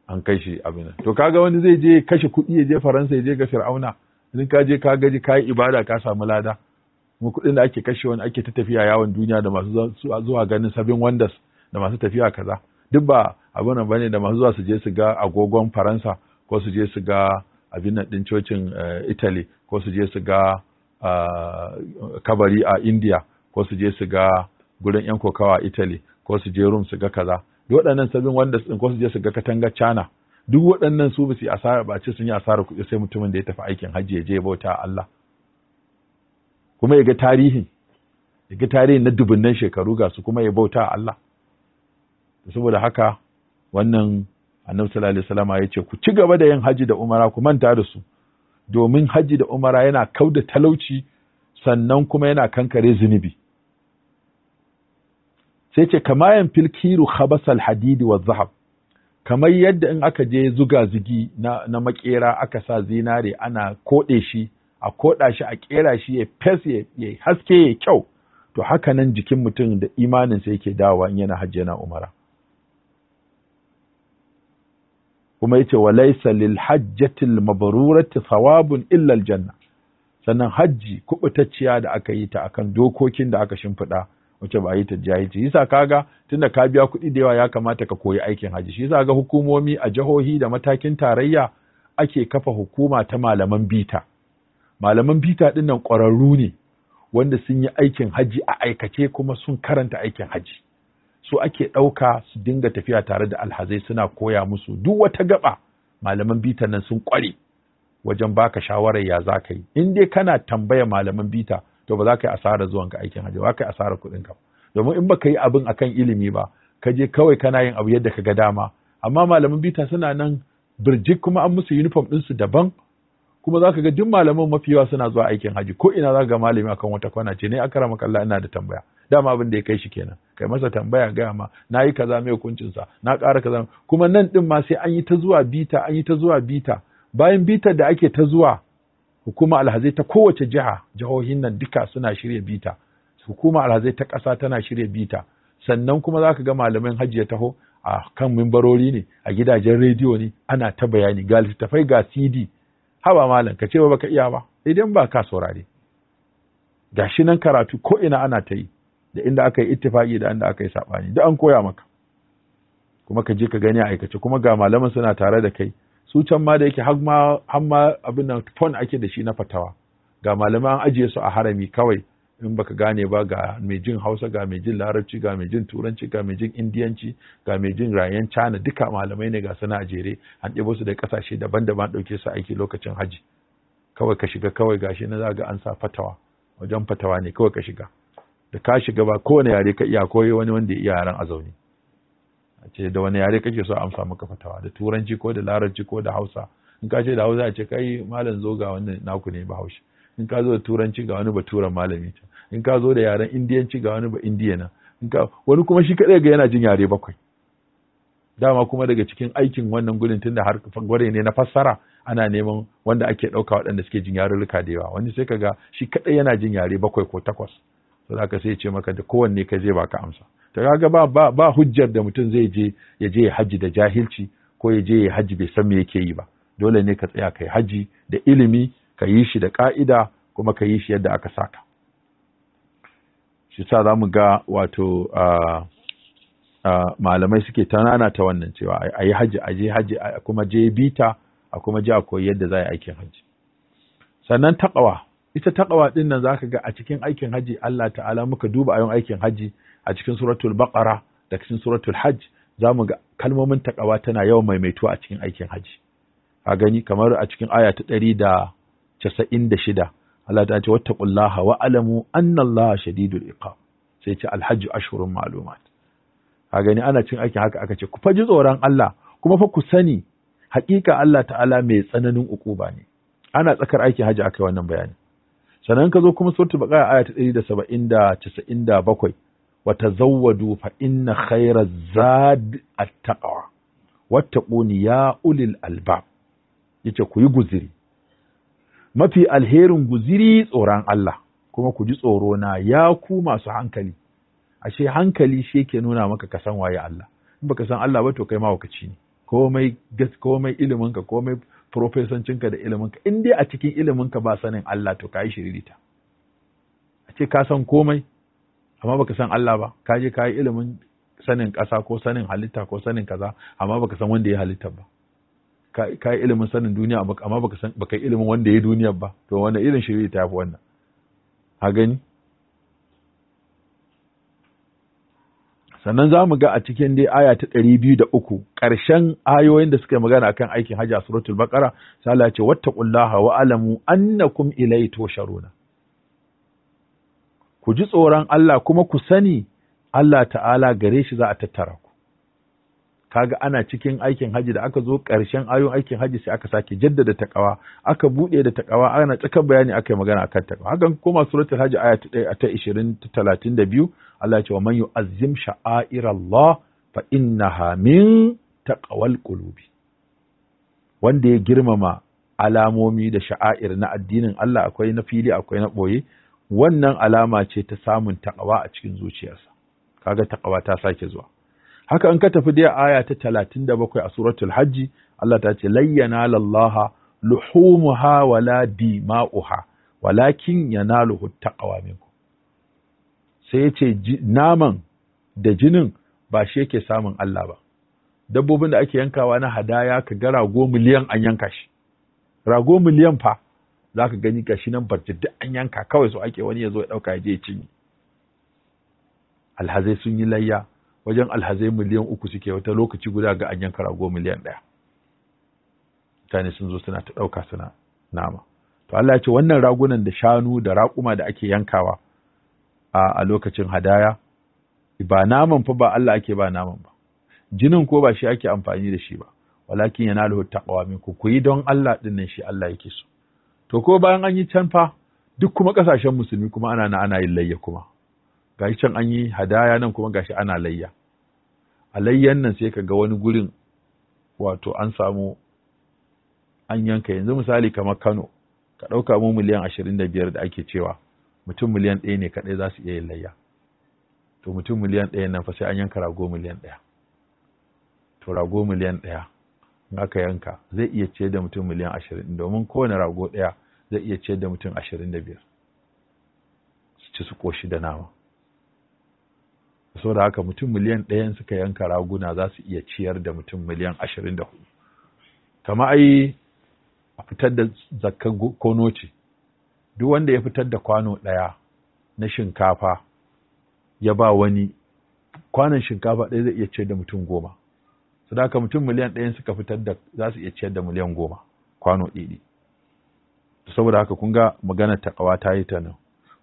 an kai shi abin to kaga wani zai je kashe kuɗi ya je faransa ya je ga fir'auna idan ka je ka gaji ka yi ibada ka samu lada kuma kuɗin da ake kashe wani ake ta tafiya yawon duniya da masu zuwa ganin sabbin wonders da masu tafiya kaza duk ba abin nan bane da masu zuwa su je su ga agogon faransa ko su je su ga abin nan din cocin eh, italy ko su je su ga eh, kabari a india ko su je su ga gurin yan kokawa a italy ko su je rum su ga kaza duk waɗannan sabbin wanda ko su je su ga katangar china duk waɗannan su ba su asara ba ce sun yi asara kuɗi sai mutumin da ya tafi aikin hajji ya je bauta Allah kuma ya ga tarihin ya ga tarihin na dubunnan shekaru ga su kuma ya bauta Allah saboda haka wannan annabi sallallahu alaihi wasallam ya ce ku ci gaba da yin haji da umara ku manta da su domin haji da umara yana kauda talauci sannan kuma yana kankare zunubi sai ce kama yan filkiru khabasal hadidi wa zahab kamar yadda in aka je zuga zugi na, na makera aka sa zinare ana koɗe shi a koɗa shi a ƙera shi ya fes ya haske ya kyau to haka nan jikin mutum da imaninsa yake dawa in yana hajji yana umara kuma yace wa laysa lil al mabrurati thawabun illa al janna sannan hajji kubutacciya da aka yi ta akan dokokin da aka shimfiɗa wace ba yi ta jahilci yasa kaga tunda ka biya kuɗi da yawa ya kamata ka koyi aikin haji. shi yasa ga hukumomi a jihohi da matakin tarayya ake kafa hukuma ta malaman bita malaman bita ɗin nan ƙwararru ne wanda sun yi aikin haji a aikace kuma sun karanta aikin hajji su ake ɗauka su dinga tafiya tare da alhazai suna koya musu duk wata gaba malaman bita nan sun ƙware wajen baka shawarar ya za ka yi in dai kana tambaya malaman bita to ba za ka yi asarar zuwan ka aikin hajji ba ka yi asarar kuɗin ka domin in baka yi abin akan ilimi ba ka je kawai kana yin abu yadda ka ga dama amma malaman bita suna nan birjik kuma an musu uniform ɗinsu daban kuma za ka ga duk malaman mafi yawa suna zuwa aikin hajji ko ina za ka ga malami akan wata kwana ce ne akara makalla ina da tambaya dama abin da ya kai shi kenan kai masa tambaya gaya ma na yi kaza mai sa na ƙara kaza kuma nan ɗin ma sai an yi ta zuwa bita an yi ta zuwa bita bayan bitar da ake ta zuwa hukuma alhazai ta kowace jiha jihohin nan duka suna shirya bita hukuma alhazai ta ƙasa tana shirya bita sannan kuma za ka ga malamin hajji ya taho a kan mimbarori ne a gidajen rediyo ne ana ta bayani ga littattafai ga cd haba malam ka ce ba ka iya ba idan ba ka saurare gashi nan karatu ko ina ana ta yi da inda aka yi ittifaki da inda aka yi sabani duk an koya maka kuma ka je ka gani a aikace kuma ga malaman suna tare da kai su can ma da yake har ma abin nan ton ake da shi na fatawa ga malaman an ajiye su a harami kawai in baka gane ba ga mai jin Hausa ga mai jin Larabci ga mai jin Turanci ga mai jin Indiyanci ga mai jin rayan China duka malamai ne ga suna ajere jere an ɗebo su da ƙasashe daban-daban ɗauke su aiki lokacin haji kawai ka shiga kawai gashi na za ga an sa fatawa wajen fatawa ne kawai ka shiga da ka shiga ba kowane yare ka iya koyi wani wanda iya yaren a zaune a ce da wani yare kake so amsa maka fatawa da turanci ko da larabci ko da hausa in ka ce da hausa a ce kai malam zo ga wannan naku ne bahaushe in ka zo da turanci ga wani baturan malami ta in ka zo da yaren indiyanci ga wani ba indiyana in ka wani kuma shi kadai ga yana jin yare bakwai dama kuma daga cikin aikin wannan gudun tun da har gware ne na fassara ana neman wanda ake ɗauka waɗanda suke jin yarurruka da yawa wani sai kaga shi kadai yana jin yare bakwai ko takwas to za ka sai ce maka da kowanne ka je baka amsa to kaga ba ba, hujjar da mutum zai je ya je haji da jahilci ko ya je haji bai san me yake yi ba dole ne ka tsaya kai haji da ilimi ka yi shi da ka'ida kuma ka yi shi yadda aka saka shi sa za mu ga wato malamai suke tanana ta wannan cewa a yi haji a je haji a kuma je bita a kuma je a koyi yadda za a yi aikin haji sannan takawa ita taqwa din nan zaka ga a cikin aikin haji Allah ta'ala muka duba ayon aikin haji a cikin suratul baqara da cikin suratul hajj zamu ga kalmomin taqwa tana yawan maimaituwa a cikin aikin haji a gani kamar a cikin aya ta 196 Allah ta ce wattaqullaha wa alamu anna Allah shadidul iqab sai ce alhajj ashhurun ma'lumat a gani ana cikin aikin haka aka ce ku faji tsoron Allah kuma fa ku sani haƙiƙa Allah ta'ala mai tsananin uquba ne ana tsakar aikin haji akai wannan bayani sannan ka zo kuma surtu baka aya ta 197 wa tazawwadu fa inna khayra zad at-taqwa wattaquni ya ulil albab yace ku yi guziri mafi alherin guziri tsoron Allah kuma ku ji tsoro na ya ku masu hankali ashe hankali shi yake nuna maka ka san waye Allah in baka san Allah ba to kai ma wakaci ne komai gas komai ilimin ka komai profesancinka da iliminka in dai a cikin iliminka ba sanin Allah to kayi shiririta a ce ka san komai amma baka san Allah ba ka je kayi ilimin sanin ƙasa ko sanin halitta ko sanin kaza amma baka san wanda ya halitta ba ka yi ilimin sanin duniya amma baka san baka ilimin wanda ya duniya ba to wanda irin shiririta ta yafi wannan a gani sannan za mu ga a cikin dai aya ta ɗari biyu da uku ƙarshen ayoyin da suka yi magana akan aikin hajji a suratul baqara sai Allah ya ce wattaqullaha wa alamu annakum ilayhi tusharuna ku ji tsoron Allah kuma ku sani Allah ta'ala gare shi za a tattara ku kaga ana cikin aikin haji da aka zo ƙarshen ayon aikin haji sai aka sake jaddada takawa aka buɗe da takawa ana tsakar bayani aka magana akan takawa hakan koma suratul haji aya ta 1 ta 20 ta 32 Allah ya ce wa man yu'azzim sha'airallah fa innaha min taqwal qulubi wanda ya girmama alamomi da sha'air na addinin Allah akwai na fili akwai na boye wannan alama ce ta samun takawa a cikin zuciyarsa kaga takawa ta sake zuwa haka an ka tafi dai aya ta talatin da bakwai a suratul hajji Allah ta ce layyana lallaha luhumuha wala dima'uha walakin yanaluhu taqwa minku sai yace naman da jinin ba shi yake samun Allah ba dabbobin da ake yankawa na hadaya ka ga rago miliyan an yanka shi rago miliyan fa za ka gani gashi nan barci duk an yanka kawai so ake wani ya zo ya ɗauka ya je ya cinye alhazai sun yi layya wajen alhazai miliyan uku suke wata lokaci guda ga an yanka rago miliyan ɗaya mutane sun zo suna ta ɗauka suna nama to Allah ya ce wannan ragunan da shanu da raƙuma da ake yankawa a lokacin hadaya ba naman fa ba Allah ake ba naman ba jinin ko ba shi ake amfani da shi ba walakin yana lahu taqwa minkum ku yi don Allah din nan shi Allah yake so to ko bayan an yi can fa duk kuma kasashen musulmi kuma ana na ana yin layya kuma gashi can an yi hadaya nan kuma ga shi ana layya A layyan nan sai ka ga wani gurin wato an samu an yanka yanzu misali kamar Kano ka ɗauka mu miliyan ashirin da biyar da ake cewa mutum miliyan ɗaya ne kaɗai za su iya yin layya to mutum miliyan ɗaya nan fa sai an yanka rago miliyan ɗaya to rago miliyan ɗaya in aka yanka zai iya ciyar da mutum miliyan ashirin domin kowane rago ɗaya zai iya ciyar da mutum ashirin da biyar su ci su ƙoshi da nama saboda haka mutum miliyan ɗaya suka yanka raguna za su iya ciyar da mutum miliyan ashirin da hudu kama ai a fitar da zakkan kono ce duk wanda ya fitar da kwano ɗaya na shinkafa ya ba wani kwanon shinkafa ɗaya zai iya ciyar da mutum goma saboda haka mutum miliyan ɗaya suka fitar da za su iya ciyar da miliyan goma kwano ɗiɗi saboda haka kun ga magana takawa ta yi ta nan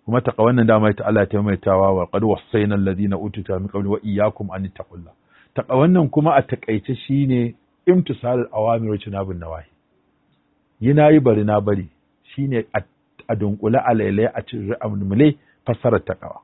kuma ta wannan dama ta Allah ta maimaitawa wa qad wasaina alladhina utita min qabli wa iyyakum an taqulla ta wannan kuma a taƙaice shine imtisal awamir wa nawahi yana yi bari na bari shine a dunkule a lailai a cin amule ta taƙawa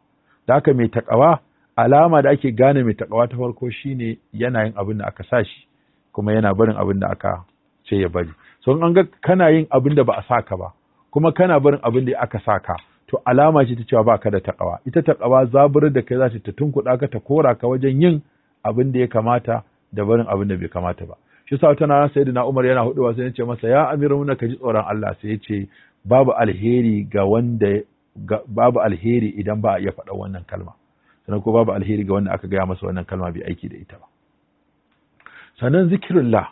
da haka mai taƙawa alama da ake gane mai taƙawa ta farko shine yana yin abin da aka sa shi kuma yana barin abin da aka ce ya bari so an ga kana yin abin da ba a saka ba kuma kana barin abin da aka saka to alama ce ta cewa ba ka da takawa ita taƙawa zaburar da kai za ta tunkuɗa ka ta kora ka wajen yin abin da ya kamata da barin abin da bai kamata ba shi sa tana sayyidina Umar yana huɗuwa, sai ya ce masa ya amiru muna ka ji tsoron Allah sai ya ce babu alheri ga wanda babu alheri idan ba a iya faɗa wannan kalma sannan ko babu alheri ga wanda aka gaya masa wannan kalma bai aiki da ita ba sannan zikirullah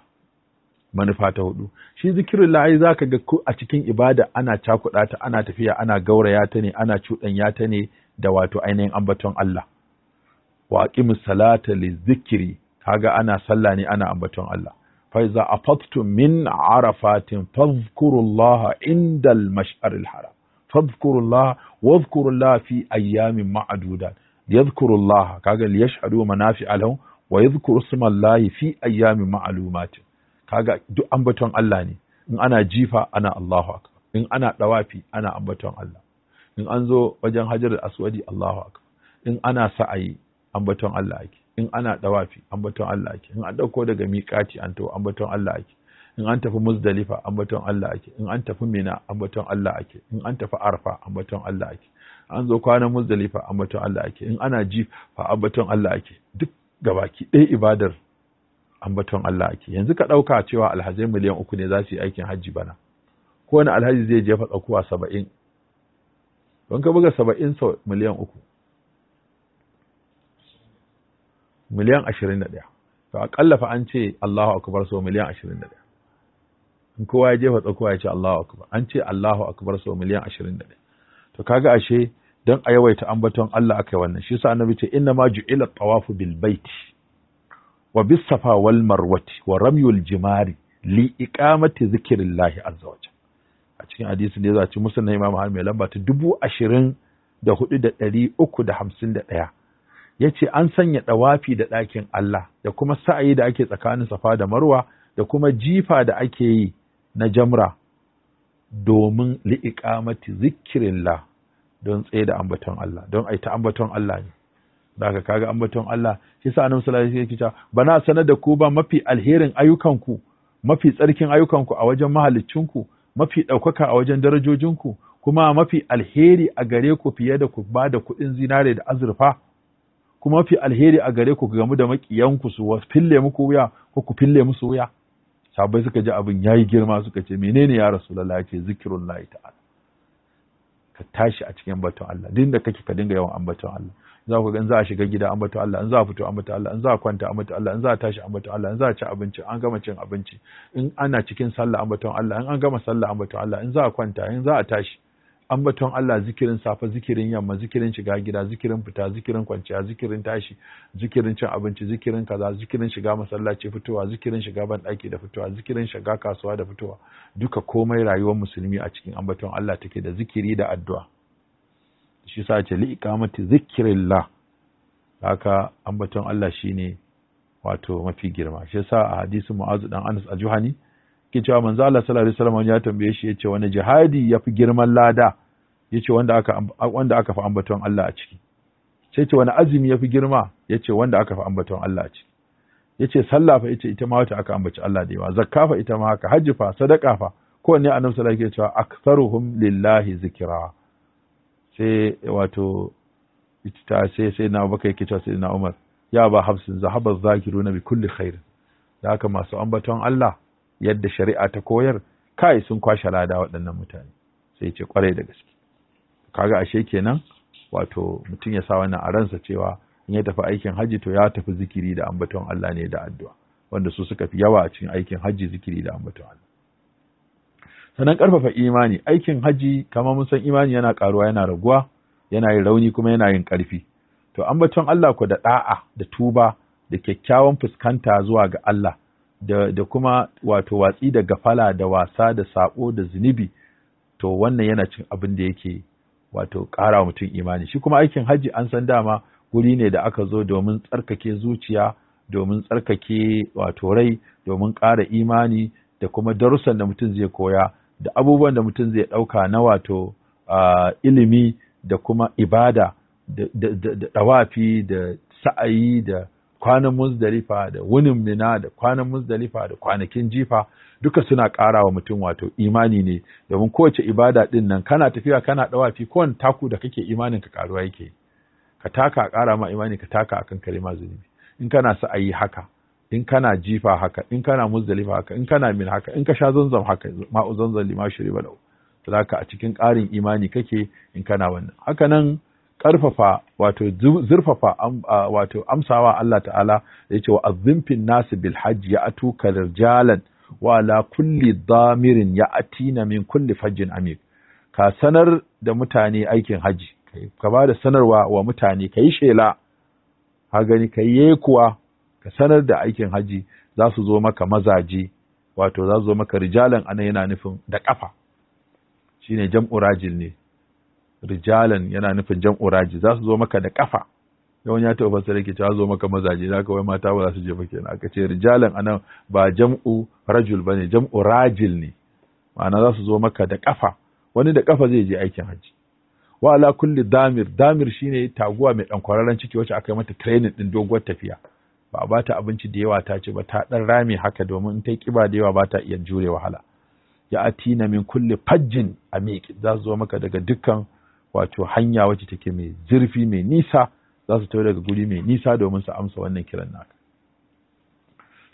manufa ta hudu shi zikirin la'ayi za ka ga a cikin ibada ana cakuɗa ta ana tafiya ana gauraya ta ne ana cuɗanya ta ne da wato ainihin ambaton Allah wa aqimus salata lizikri kaga ana sallah ne ana ambaton Allah fa iza afattu min arafatin fadhkurullaha indal mash'aril haram fadhkurullaha wadhkurullaha fi ayyamin ma'dudat yadhkurullaha kaga liyashhadu manafi'a wa yadhkuru ismallahi fi ayyamin ma'lumatin kaga duk ambaton Allah ne in ana jifa ana Allahu akbar in ana dawafi ana ambaton Allah in an zo wajen hajar aswadi Allahu akbar in ana sa'ayi ambaton Allah ake in ana dawafi ambaton Allah ake in an dauko daga miƙati an to ambaton Allah ake in an tafi muzdalifa ambaton Allah ake in an tafi mina ambaton Allah ake in an tafi arfa ambaton Allah ake an zo kwanan muzdalifa ambaton Allah ake in ana jifa ambaton Allah ake duk gabaki ɗaya ibadar ambaton Allah ake yanzu ka ɗauka cewa alhazai miliyan uku ne za su yi aikin hajji bana Ko wani alhaji zai jefa tsakuwa saba'in don ka buga saba'in sau miliyan uku miliyan ashirin da ɗaya to a fa an ce Allahu akbar sau miliyan ashirin da ɗaya in kowa ya jefa tsakuwa ya ce Allahu akbar an ce Allahu akbar sau miliyan ashirin da ɗaya to kaga ashe don a yawaita ambaton Allah aka yi wannan shi sa annabi ce inna ma ju'ila tawafu bil baiti wa bis safa wal marwati wa ramyul jimari li iqamati a cikin hadisi ne za ci imam ahmad mai lamba ta dubu ashirin da hudu da uku da hamsin da ɗaya ya ce an sanya ɗawafi da ɗakin Allah da kuma sa'ayi da ake tsakanin safa da marwa da kuma jifa da ake yi na jamra domin li'iƙamati zikirillah don tsaye da ambaton Allah don ai ta ambaton Allah ne da ka kaga ambaton Allah shi sa annabi sallallahu alaihi wasallam yake bana sanar da ku ba mafi alherin ayyukanku mafi tsarkin ayyukan ku a wajen ku, mafi ɗaukaka a wajen darajojin ku, kuma mafi alheri a gare ku fiye da ku ba da kuɗin zinare da azurfa kuma mafi alheri a gare ku gamu da maƙiyanku su fille muku wuya ko ku fille musu wuya sabai suka ji abin yayi girma suka ce menene ya rasulullah yake zikrullahi ta'ala ka tashi a cikin ambaton Allah dinda kake ka dinga yawan ambaton Allah za ku ga in za a shiga gida bata Allah in za a fito bata Allah in za a kwanta bata Allah in za a tashi bata Allah in za a ci abinci an gama cin abinci in ana cikin sallah bata Allah in an gama sallah bata Allah in za a kwanta in za a tashi bata Allah zikirin safa zikirin yamma zikirin shiga gida zikirin fita zikirin kwanciya zikirin tashi zikirin cin abinci zikirin kaza zikirin shiga masallaci fitowa zikirin shiga ban ɗaki da fitowa zikirin shiga kasuwa da fitowa duka komai rayuwar musulmi a cikin bata Allah take da zikiri da addu'a shi sa ce li ikamati zikrillah haka ambaton Allah shine wato mafi girma shi sa a hadisin Mu'azu dan Anas al-Juhani ke cewa manzo Allah sallallahu alaihi wasallam ya tambaye shi yace wani jihadi yafi girman lada yace wanda aka wanda aka fi ambaton Allah a ciki sai ce wani azumi yafi girma yace wanda aka fi ambaton Allah a ciki yace sallah fa yace ita ma wata aka ambaci Allah da yawa zakka fa ita ma haka hajji fa sadaka fa kowanne annabi sallallahu alaihi wasallam yake cewa aktharuhum lillahi zikra sai wato ita sai sai na baka yake cewa sai na Umar ya ba hafsin zahaba zakiru bi kulli khair da haka masu ambaton Allah yadda shari'a ta koyar kai sun kwashe lada waɗannan mutane sai ce kwarai da gaske kaga ashe kenan wato mutum ya sa wannan a ransa cewa in ya tafi aikin haji to ya tafi zikiri da ambaton Allah ne da addu'a wanda su suka fi yawa a cikin aikin haji zikiri da ambaton Allah sannan karfafa imani aikin haji kamar mun san imani yana karuwa yana raguwa yana yin rauni kuma yana yin karfi to an ambaton Allah ku da da'a da tuba da kyakkyawan fuskanta zuwa ga Allah da, da kuma wato watsi da gafala da wasa da sako da zunubi to wannan yana cin abin da yake wato ƙara wa mutum imani shi kuma aikin hajji an san dama guri ne da aka zo domin tsarkake zuciya domin tsarkake wato rai domin ƙara imani da kuma darussan da mutum zai koya da abubuwan da mutum zai ɗauka na wato ilimi da kuma ibada da ɗawafi da sa'ayi da kwanan muzdalifa da wunin mina da kwanan muzdalifa da kwanakin jifa duka suna ƙara wa mutum wato imani ne domin kowace ibada ɗin nan kana tafiya kana ɗawafi kowane taku da kake imanin ka ƙaruwa yake ka taka a ƙara ma imani ka taka a kan kalima zunubi in kana sa'ayi haka in kana jifa haka in kana muzdalifa haka in kana min haka in ka sha zanzam haka zanzam lima shuriba lahu to zaka a cikin ƙarin imani kake in kana wannan haka nan ƙarfafa wato zurfafa wato amsawa Allah ta'ala ya ce wa azzimfin nasu bil hajji ya atuka rijalan wa ala kulli damirin ya atina min kulli fajjin amir ka sanar da mutane aikin hajji ka ba da sanarwa wa mutane ka yi shela ha gani ka yi kuwa ka sanar da aikin haji za su zo maka mazaje wato za su zo maka rijalan anan yana nufin da kafa shine jam'u rajil ne rijalan yana nufin jam'u rajil za su zo maka da kafa yawan ya taɓa fassara ke cewa zo maka mazaje za ka wai mata ba za su je ba aka ce rijalan anan ba jam'u rajul ne. jam'u rajil ne ma'ana za su zo maka da kafa wani da kafa zai je aikin haji. wa ala kulli damir damir shine taguwa mai dan kwararren ciki wacce aka yi mata training din doguwar tafiya ba a bata abinci da yawa ta ce ba ta dan rame haka domin in ta kiba da yawa ba ta iya jure wahala ya atina min kulli fajjin amiq za su zo maka daga dukkan wato hanya wacce take mai zurfi mai nisa za su tawo daga guri mai nisa domin su amsa wannan kiran naka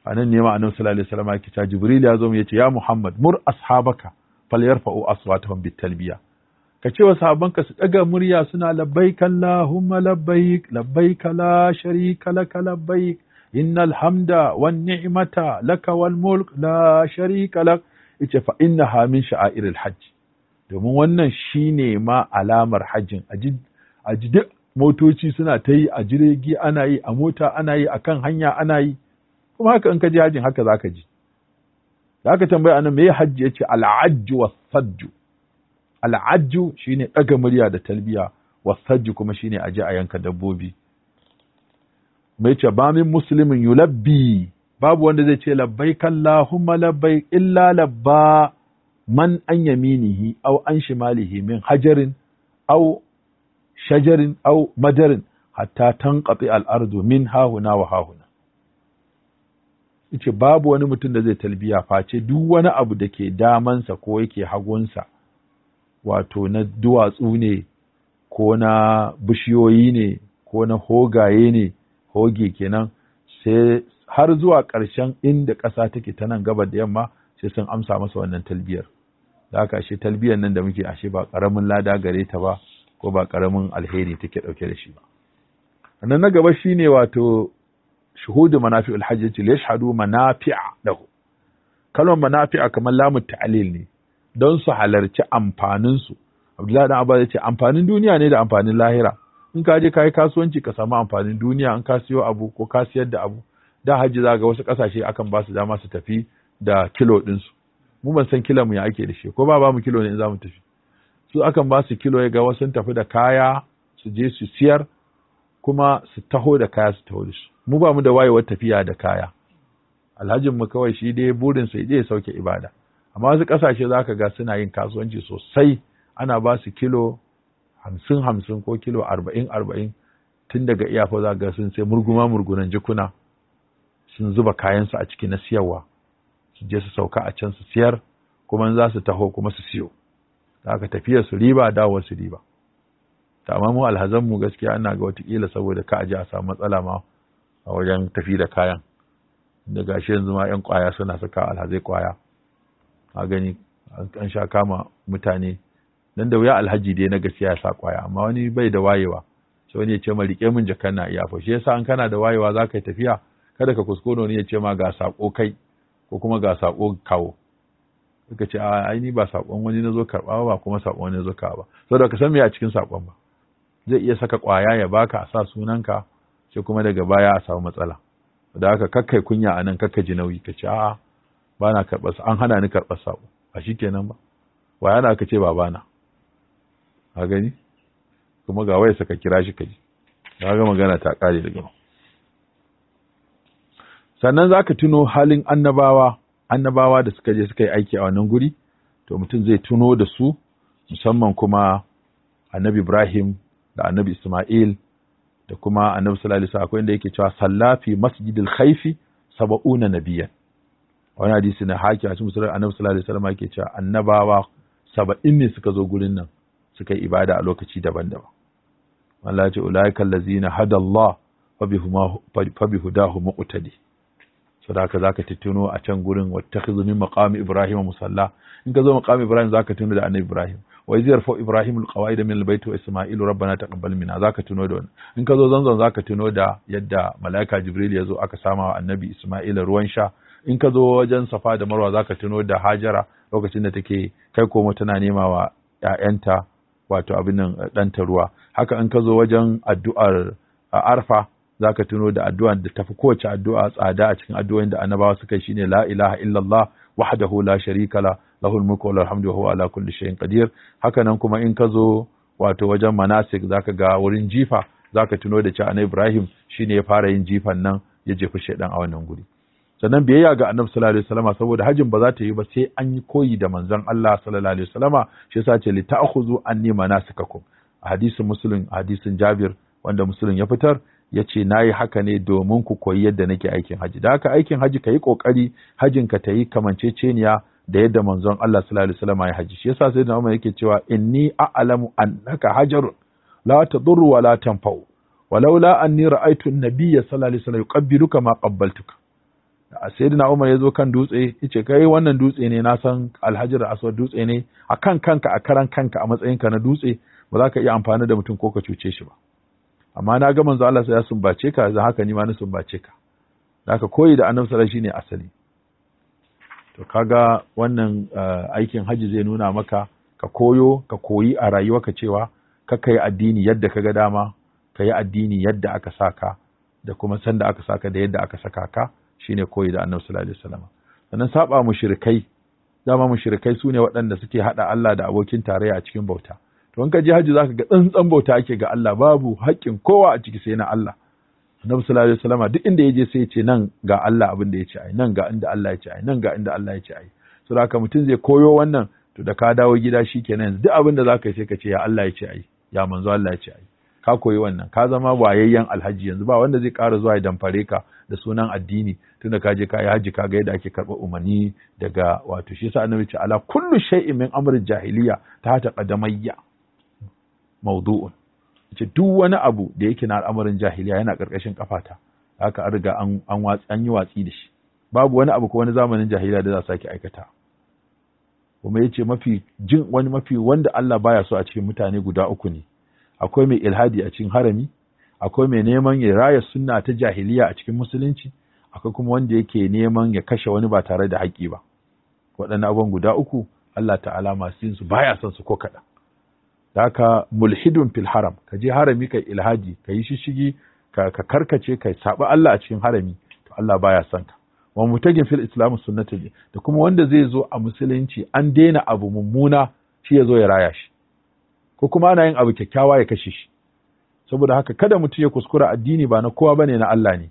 anan nan ne ma'anar sallallahu alaihi wasallam yake ta jibril ya zo mu yace ya muhammad mur ashabaka falyarfa'u aswatahum bitalbiya ka ce wa sahabbanka su daga murya suna labbaik allahumma labbaik labbaik la sharika lak labbaik inna alhamda wan ni'mata laka wal mulk la sharika lak ita fa innaha min sha'airil hajji. domin wannan shine ma alamar hajjin a ji duk motoci suna ta yi a jirgi ana yi a mota ana yi a kan hanya ana yi kuma haka in ka je hajjin haka za ka ji za ka tambaya anan me hajji ya ce al'ajju wa sajju al'ajju shine ɗaga murya da talbiya wa sajju kuma shine aje a yanka dabbobi mai ce ba min musulmin yulabbi babu wanda zai ce labbaik Allahumma labbai illa labba man an yaminihi aw an shimalihi min hajarin aw shajarin aw madarin hatta tanqati al-ardu min hahuna wa hahuna yace babu wani mutum da zai talbiya face duk wani abu da ke daman sa ko yake hagunsa wato na duwatsu ne ko na bishiyoyi ne ko na hogaye ne Oge kenan sai har zuwa ƙarshen inda ƙasa take ta nan gaba da yamma sai sun amsa masa wannan talbiyar da aka ashe talbiyar nan da muke ashe ba ƙaramin lada gare ta ba ko ba ƙaramin alheri take ɗauke da shi ba nan na gaba shine wato shuhudu manafi'ul hajjati yashhadu manafi'a lahu kalmar manafi'a kamar lamu ta'lil ne don su halarci amfanin su Abdullahi dan Abbas ya ce amfanin duniya ne da amfanin lahira in ka je ka yi kasuwanci ka samu amfanin duniya in ka siyo abu ko ka siyar da abu da hajji za ga wasu ƙasashe akan ba su dama su tafi da kilo ɗinsu mu ban san kilo mu ya ake da shi ko ba ba mu kilo ne in za mu tafi su akan ba su kilo ya ga wasu sun tafi da kaya su je su siyar kuma su taho da kaya su taho da shi mu ba mu da wayewar tafiya da kaya alhajin mu kawai shi dai burin sa je ya sauke ibada amma wasu ƙasashe za ka ga suna yin kasuwanci sosai ana ba su kilo hamsin hamsin ko kilo arba'in arba'in tun daga iyafa za ga sun sai murguma murgunan jikuna sun zuba kayansu a ciki na siyarwa su je su sauka a can su siyar kuma za su taho kuma su siyo da aka tafiya su riba dawo su riba ta amma mu alhazan mu gaskiya ana ga watakila saboda ka aji a samu matsala ma a wajen tafi da kayan da gashi yanzu ma yan kwaya suna saka alhazai kwaya a gani an sha kama mutane dan da wuya alhaji dai na gaskiya ya sa kwaya amma wani bai da wayewa sai wani ya ce ma rike min jakan na iya fa shi yasa an kana da wayewa za ka yi tafiya kada ka kuskure wani ya ce ma ga sako kai ko kuma ga sako kawo suka ce a ai ni ba sakon wani na zo karɓa ba kuma sakon wani na zo kawo ba saboda ka san me a cikin sakon ba zai iya saka kwaya ya baka a sa sunanka sai kuma daga baya a samu matsala da haka kakkai kunya anan nan kakka ji nauyi ka ce a'a ba na karɓar an hana ni karɓar sako a shikenan ba wa yana ka ce babana ka gani kuma ga waya saka kira shi kaji ka ga magana ta kare daga sannan za ka tuno halin annabawa annabawa da suka je suka yi aiki a wannan guri to mutum zai tuno da su musamman kuma annabi ibrahim da annabi isma'il da kuma annabi sallallahu alaihi akwai inda yake cewa sallafi masjidil khaifi saba'una nabiyan wani hadisi na haki a cikin musulun annabi sallallahu alaihi wasallam yake cewa annabawa saba'in ne suka zo gurin nan suka yi ibada a lokaci daban-daban Allah ya ce ulaika allazina hadallah fa bi hudahu muqtadi so da za ka tuno a can gurin wata min maqami ibrahim musalla in ka zo maqami ibrahim za ka tuno da annabi ibrahim wa iz yarfa ibrahim da min albayt wa isma'ilu rabbana taqabbal minna ka tuno da wani. in ka zo zanzan ka tuno da yadda malaika jibril ya zo aka sama wa annabi isma'ila ruwan sha in ka zo wajen safa da marwa za ka tuno da hajara lokacin da take kai komo tana nema wa 'ya'yanta wato abin nan eh, ɗanta ruwa haka in ka zo wajen addu'ar eh, arfa za ka tuno da addu'a da tafi kowace addu'a tsada a cikin addu'o'in da annabawa suka yi shine la ilaha illallah wahdahu la sharika la lahul mulku wa hamdu huwa ala kulli shay'in qadir haka nan kuma in ka zo wato wajen manasik zaka ga wurin jifa zaka tuno da cewa Ibrahim shine ya fara yin jifan nan ya jefi shaidan a wannan guri sannan biyayya ga annabi sallallahu alaihi wasallama saboda hajin ba za ta yi ba sai an yi koyi da manzon Allah sallallahu alaihi wasallama shi yasa ce li ta'khuzu anni manasikakum a hadisin muslim hadisin Jabir wanda muslim ya fitar ya ce na yi haka ne domin ku koyi yadda nake aikin haji da haka aikin haji ka yi ƙoƙari hajin ka ta yi kamanceceniya da yadda manzon Allah sallallahu alaihi wasallam ya haji shi yasa sai da Umar yake cewa inni a'lamu annaka hajarun la tadurru wa la tanfa'u walaula anni ra'aytu an-nabiyya sallallahu alaihi wasallam yuqabbiluka ma qabbaltuka sayyidina Umar ya zo kan dutse yace kai wannan dutse ne na san alhajar aswad dutse ne a kan kanka a karan kanka a matsayinka na dutse ba za ka iya amfani da mutum ko ka cuce shi ba amma na ga manzo Allah sai ya sumbace ka za haka ni ma na sumbace ka haka koyi da annabi sallallahu ne asali to kaga wannan eh, aikin haji zai nuna maka ka koyo ka koyi a rayuwa ka cewa ka kai addini yadda ka ga dama ka yi addini yadda aka saka da kuma sanda aka saka da yadda aka saka ka shine koyi da annabi sallallahu alaihi wasallam sannan saba mushrikai dama mushrikai ne waɗanda suke hada Allah da abokin tarayya a cikin bauta to in ka je hajji zaka ga tsantsan bauta ake ga Allah babu haƙƙin kowa a ciki sai na Allah annabi sallallahu alaihi wasallam duk inda yaje sai ya ce nan ga Allah abin da ya ce ai nan ga inda Allah ya ce ai nan ga inda Allah ya ce ai saboda ka mutum zai koyo wannan to da ka dawo gida shikenan duk abin da zaka yi sai ka ce ya Allah ya ce ai ya manzo Allah ya ce ai ka koyi wannan ka zama wayayyen alhaji yanzu ba wanda zai ƙara zuwa ya damfare ka da sunan addini tunda ka je ka yi haji ka ga yadda ake karɓar umarni daga wato shi yasa annabi ce ala kullu shay'in min amrin jahiliya ta ta qadamayya mawdu'un ce duk wani abu da yake na al'amarin jahiliya yana ƙarƙashin kafata haka an riga an an yi watsi da shi babu wani abu ko wani zamanin jahiliya da za sake aikata kuma yace mafi jin wani mafi wanda Allah baya so a cikin mutane guda uku ne akwai mai ilhadi a cikin harami akwai mai neman ya raya sunna ta jahiliya a cikin musulunci akwai kuma wanda yake neman ya kashe wani ba tare da haƙƙi ba waɗannan abubuwan guda uku Allah ta'ala masu yin su baya son su ko kaɗan da haka mulhidun fil haram ka je harami kai ilhadi ka yi shishigi ka karkace kai saɓa Allah a cikin harami to Allah baya son ka wa mutagin fil islamu sunnati da kuma wanda zai zo a musulunci an daina abu mummuna shi ya zo ya raya shi ko kuma ana yin abu kyakkyawa ya kashe shi saboda haka kada mutum ya kuskura addini ba na kowa bane na Allah ne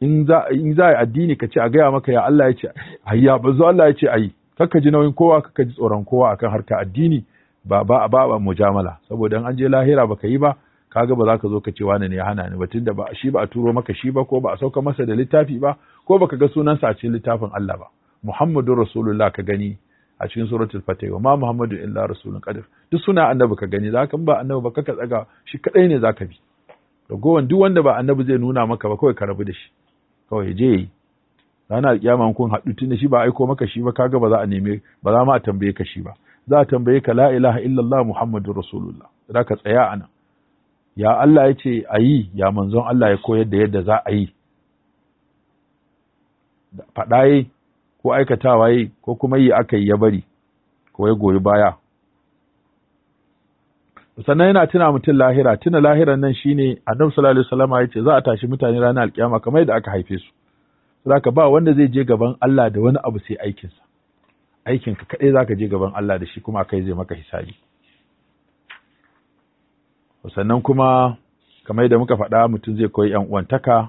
in za yi addini ka ce a gaya maka ya Allah ya ce ayya bazo Allah ya ce ayi kakka ji nauyin kowa kakka ji tsoron kowa akan harka addini ba ba ba, ba mujamala saboda an je lahira baka yi ba kaga ba za ka zo ka ce wani ne ya hana ni ba tunda ba shi ba a turo maka shi ba ko ba a sauka masa da littafi ba ko baka ga sunansa a cikin littafin Allah ba Muhammadu Rasulullah ka gani a cikin suratul fatiha ma muhammadu illa rasulun qadir duk suna annabi ka gani zaka ba annabi ba kaka tsaga shi kadai ne zaka bi ragowan duk wanda ba annabi zai nuna maka ba kawai ka rabu da shi kawai je yi rana kiyama kun haɗu tunda shi ba aiko maka shi ba kaga ba za a neme ba za ma a tambaye ka shi ba za a tambaye ka la ilaha illallah muhammadur rasulullah za ka tsaya a nan ya Allah ya ce a yi ya manzon Allah ya koyar da yadda za a yi faɗa yi ko aikatawa yi ko kuma yi aka yi ya bari ko ya goyi baya sannan yana tuna mutum lahira tuna lahiran nan shine annabi sallallahu alaihi wasallam ya ce za a tashi mutane ranar alkiyama kamar yadda aka haife su saboda ba wanda zai je gaban Allah da wani abu sai aikinsa aikinka za ka je gaban Allah da shi kuma kai zai maka hisabi sannan kuma kamar yadda muka faɗa mutum zai koyi yan uwantaka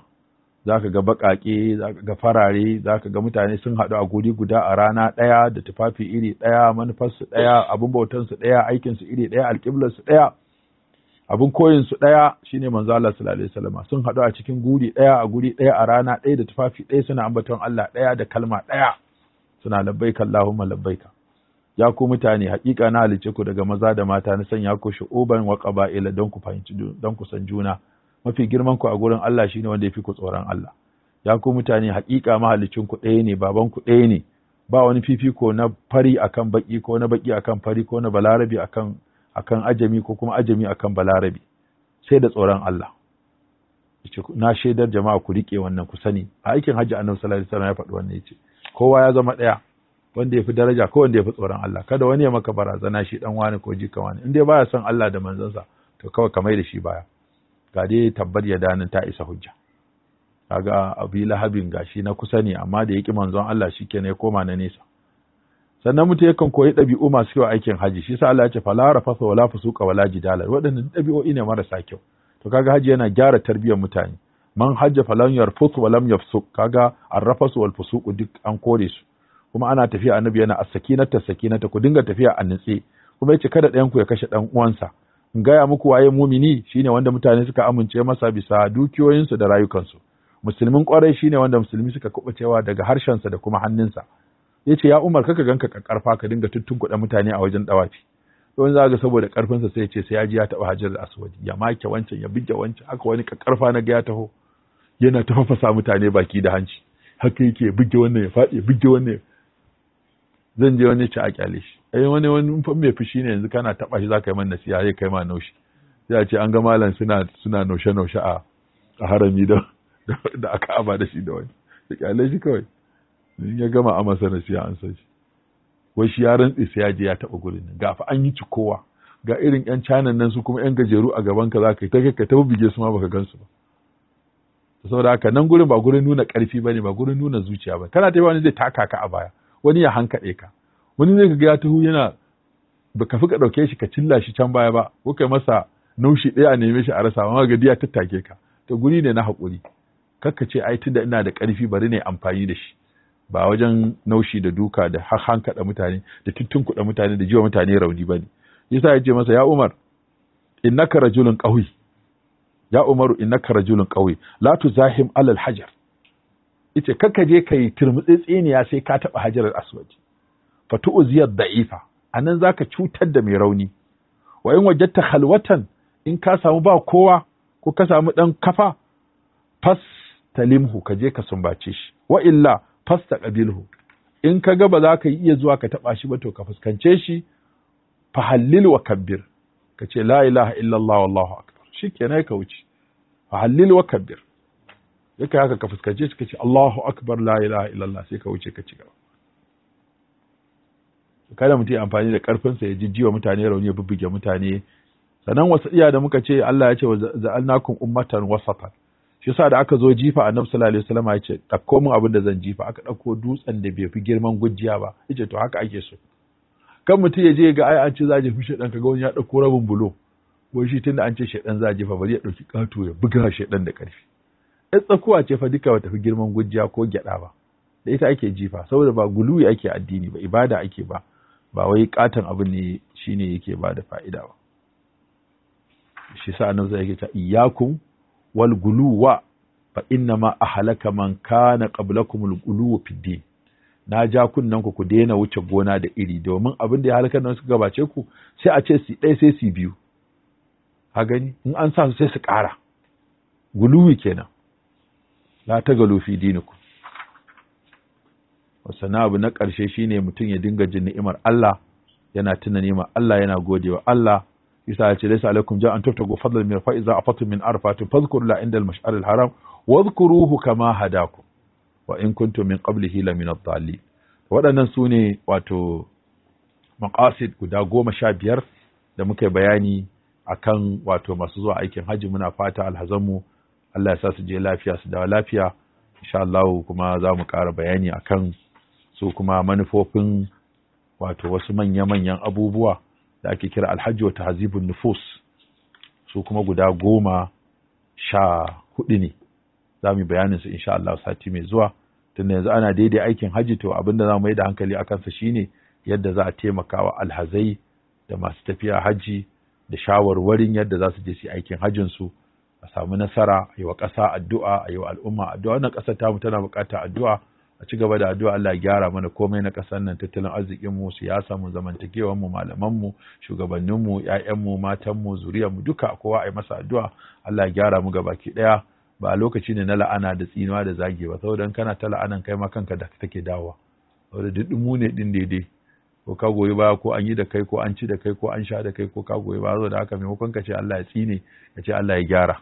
za ka ga baƙaƙe za ka ga farare za ka ga mutane sun haɗu a guri guda a rana ɗaya da tufafi iri ɗaya manufarsu ɗaya abin bautansu ɗaya aikinsu iri ɗaya alƙiblarsu ɗaya abin koyinsu ɗaya shine manzo Allah sallallahu alaihi wasallam sun haɗu a cikin guri ɗaya a guri ɗaya a rana ɗaya da tufafi ɗaya suna ambaton Allah ɗaya da kalma ɗaya suna labbaika Allahumma labbaika ya ku mutane haƙiƙa na halice ku daga maza da mata na sanya ku shu'uban wa qaba'ila don ku fahimci don ku san juna mafi girman ku a gurin Allah shine wanda yafi ku tsoron Allah ya ku mutane haƙiƙa mahalicin ku ɗaya ne baban ku ɗaya ne ba wani fifiko na fari akan baki ko na baki akan fari ko na balarabi akan akan ajami ko kuma ajami akan balarabi sai da tsoron Allah na shaidar jama'a ku rike wannan ku sani a aikin hajji annabi sallallahu alaihi wasallam ya faɗi wannan yace kowa ya zama ɗaya wanda fi daraja ko wanda yafi tsoron Allah kada wani ya maka barazana shi dan wani ko jika wani in dai baya son Allah da manzansa to kawai ka mai da shi baya ga dai tabbar ya danin ta isa hujja kaga abi lahabin gashi na kusa ne amma da yaki manzon Allah shikenan ya koma na nesa sannan mutum yakan koyi ɗabi'u masu kyau aikin haji shi sa Allah ya ce fala rafasa wala fusuka wala jidala waɗannan ɗabi'o'i ne marasa kyau to kaga haji yana gyara tarbiyyar mutane man hajja falam yarfus walam yafsuk kaga arrafasu wal fusuku duk an kore su kuma ana tafiya annabi yana as-sakinata sakinata ku dinga tafiya a nitse kuma yace kada ɗayan ku ya kashe ɗan uwansa in gaya muku waye mumini shine wanda mutane suka amince masa bisa dukiyoyinsu da rayukansu musulmin kwarai shine wanda musulmi suka kubucewa daga harshensa da kuma hannunsa yace ya Umar kaka ganka karfa ka dinga tuttunkuɗa mutane a wajen dawafi don za ga saboda karfinsa sai ya ce sai ya ji ya taɓa hajar aswad ya make wancan ya bige wancan aka wani karfa na ga ya taho yana ta fafasa mutane baki da hanci haka yake bige wannan ya faɗi bige wannan zan je wani ci a kyale shi ai eh, wani wani fan mai fushi ne yanzu kana taba shi zaka yi man nasiha zai kai ma naushi sai a ce an ga malam suna suna naushe naushe a a harami da da aka aba da shi da wani sai kyale shi kawai in ya gama a masa nasiha an san shi wai shi ya rantsi sai ya je ya taba gurin nan fa an yi cikowa ga irin yan canan nan su kuma yan gajeru a gaban ka zaka yi ta kai ta bige su ma baka gansu ba saboda haka nan gurin ba gurin nuna karfi bane ba gurin nuna zuciya ba kana ta wani zai taka ka a baya wani ya hankaɗe ka wani zai ga ya taho yana baka fi ka ɗauke shi ka cilla shi can baya ba ko kai masa naushi ɗaya a neme shi a rasa amma gadi ya tattake ka to guri ne na haƙuri kakka ce ai tunda ina da ƙarfi bari ne amfani da shi ba wajen naushi da duka da hankaɗa mutane da kuɗa mutane da jiwa mutane rauni ba ne yasa ya ce masa ya umar innaka rajulun ƙauyi ya umaru innaka rajulun ƙauyi la tuzahim alal hajar ita kakka je kai turmutsitsiniya sai ka taɓa hajarar aswaji fatu'ziyad da'ifa anan zaka cutar da mai rauni wa in wajadta khalwatan in ka samu ba kowa ko ka samu ɗan kafa fas talimhu ka je ka sumbace shi wa illa fas taqabilhu in ka ga ba za ka iya zuwa ka taba shi ba to ka fuskance shi fa wa ka ce la ilaha akbar shikenan ka wuce fa wa yake haka ka fuskance shi ka ce Allahu akbar la ilaha illallah sai ka wuce ka ci gaba kada mutum amfani da karfinsa ya jijjiwa mutane rauni ya bubbuge mutane sannan iya da muka ce Allah ya ce wa za'alnakum ummatan wasatan shi yasa da aka zo jifa annabi sallallahu alaihi wasallam ya ce dakko min abin da zan jifa aka dauko dutsen da bai fi girman gujiya ba yace to haka ake so kan mutum ya je ga ai an ce za a jefi dan kaga wani ya dauko rabin bulo ko shi tunda an ce shedan za a jefa bari ya dauki kato ya buga shedan da karfi ɗan tsakuwa ce fa duka ba tafi girman gujiya ko gyada ba da ita ake jifa saboda ba guluwi ake addini ba ibada ake ba ba wai katon abu ne shine yake ba da fa'ida ba shi sa annabi zai yake ta iyakun wal guluwa ba inna ma a halaka man kana qablakum al guluwa fidde, na ja kunnan ku daina wuce gona da iri domin abin da ya halaka da suka gabace ku sai a ce su ɗaya sai su biyu ha gani in an sa su sai su ƙara guluwi kenan la ta galufi ku. Wasannin abu na ƙarshe shine mutum ya dinga jin ni'imar Allah yana tuna ni'imar Allah yana godewa Allah isa ya ce laysa alaikum ja'an tuftagu fadlan min fa'iza afatum min arfatin fadhkuru la inda al-mash'ar al-haram wadhkuruhu kama hadakum wa in kuntum min qablihi la min ad-dallin waɗannan su ne wato maqasid guda goma sha biyar da muka bayani akan wato masu zuwa aikin hajji muna fata alhazanmu Allah ya sa su je lafiya su dawo lafiya insha Allah kuma za mu ƙara bayani akan su kuma manufofin wato wasu manya-manyan abubuwa da ake kira alhaji wa hazibun nufus su kuma guda goma sha hudu ne za mu bayanin su insha Allah sati mai zuwa tunda yanzu ana daidai aikin hajji to abinda za mu yi da hankali a kansa ne yadda za a taimaka wa alhazai da masu tafiya hajji da shawarwarin yadda za su je su aikin hajjin su a samu nasara a yi wa ƙasa addu'a a yi wa al'umma addu'a wannan ƙasar tamu tana buƙatar addu'a a ci gaba da addu'a Allah ya gyara mana komai na ƙasar nan tattalin arzikin mu siyasa mu zamantakewar mu malaman mu shugabannin mu ƴaƴan mu matan mu zuriyar mu duka kowa ai masa addu'a Allah ya gyara mu gabaki daya ba a lokaci ne na la'ana da tsinuwa da zage ba saboda kana ta la'anan kai ma kanka da take dawowa saboda duk mu ne din daidai ko ka goyi ba ko an yi da kai ko an ci da kai ko an sha da kai ko ka goyi ba saboda haka maimakon ka ce Allah ya tsine ka ce Allah ya gyara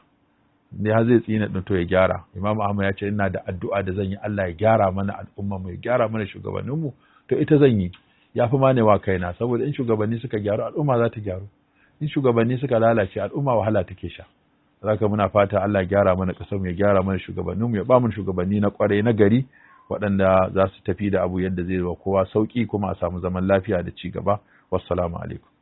ne har zai tsina din to ya gyara imam ahmad ya ce ina da addu'a da zan yi Allah ya gyara mana al'umma mu ya gyara mana shugabannin mu to ita zan yi ya fi wa kaina saboda in shugabanni suka gyaru al'umma za ta gyaru in shugabanni suka lalace al'umma wahala ta ke sha zaka muna fata Allah ya gyara mana kasar mu ya gyara mana shugabannin mu ya ba mu shugabanni na kwarai na gari waɗanda za su tafi da abu yadda zai wa kowa sauki kuma a samu zaman lafiya da ci gaba wassalamu alaikum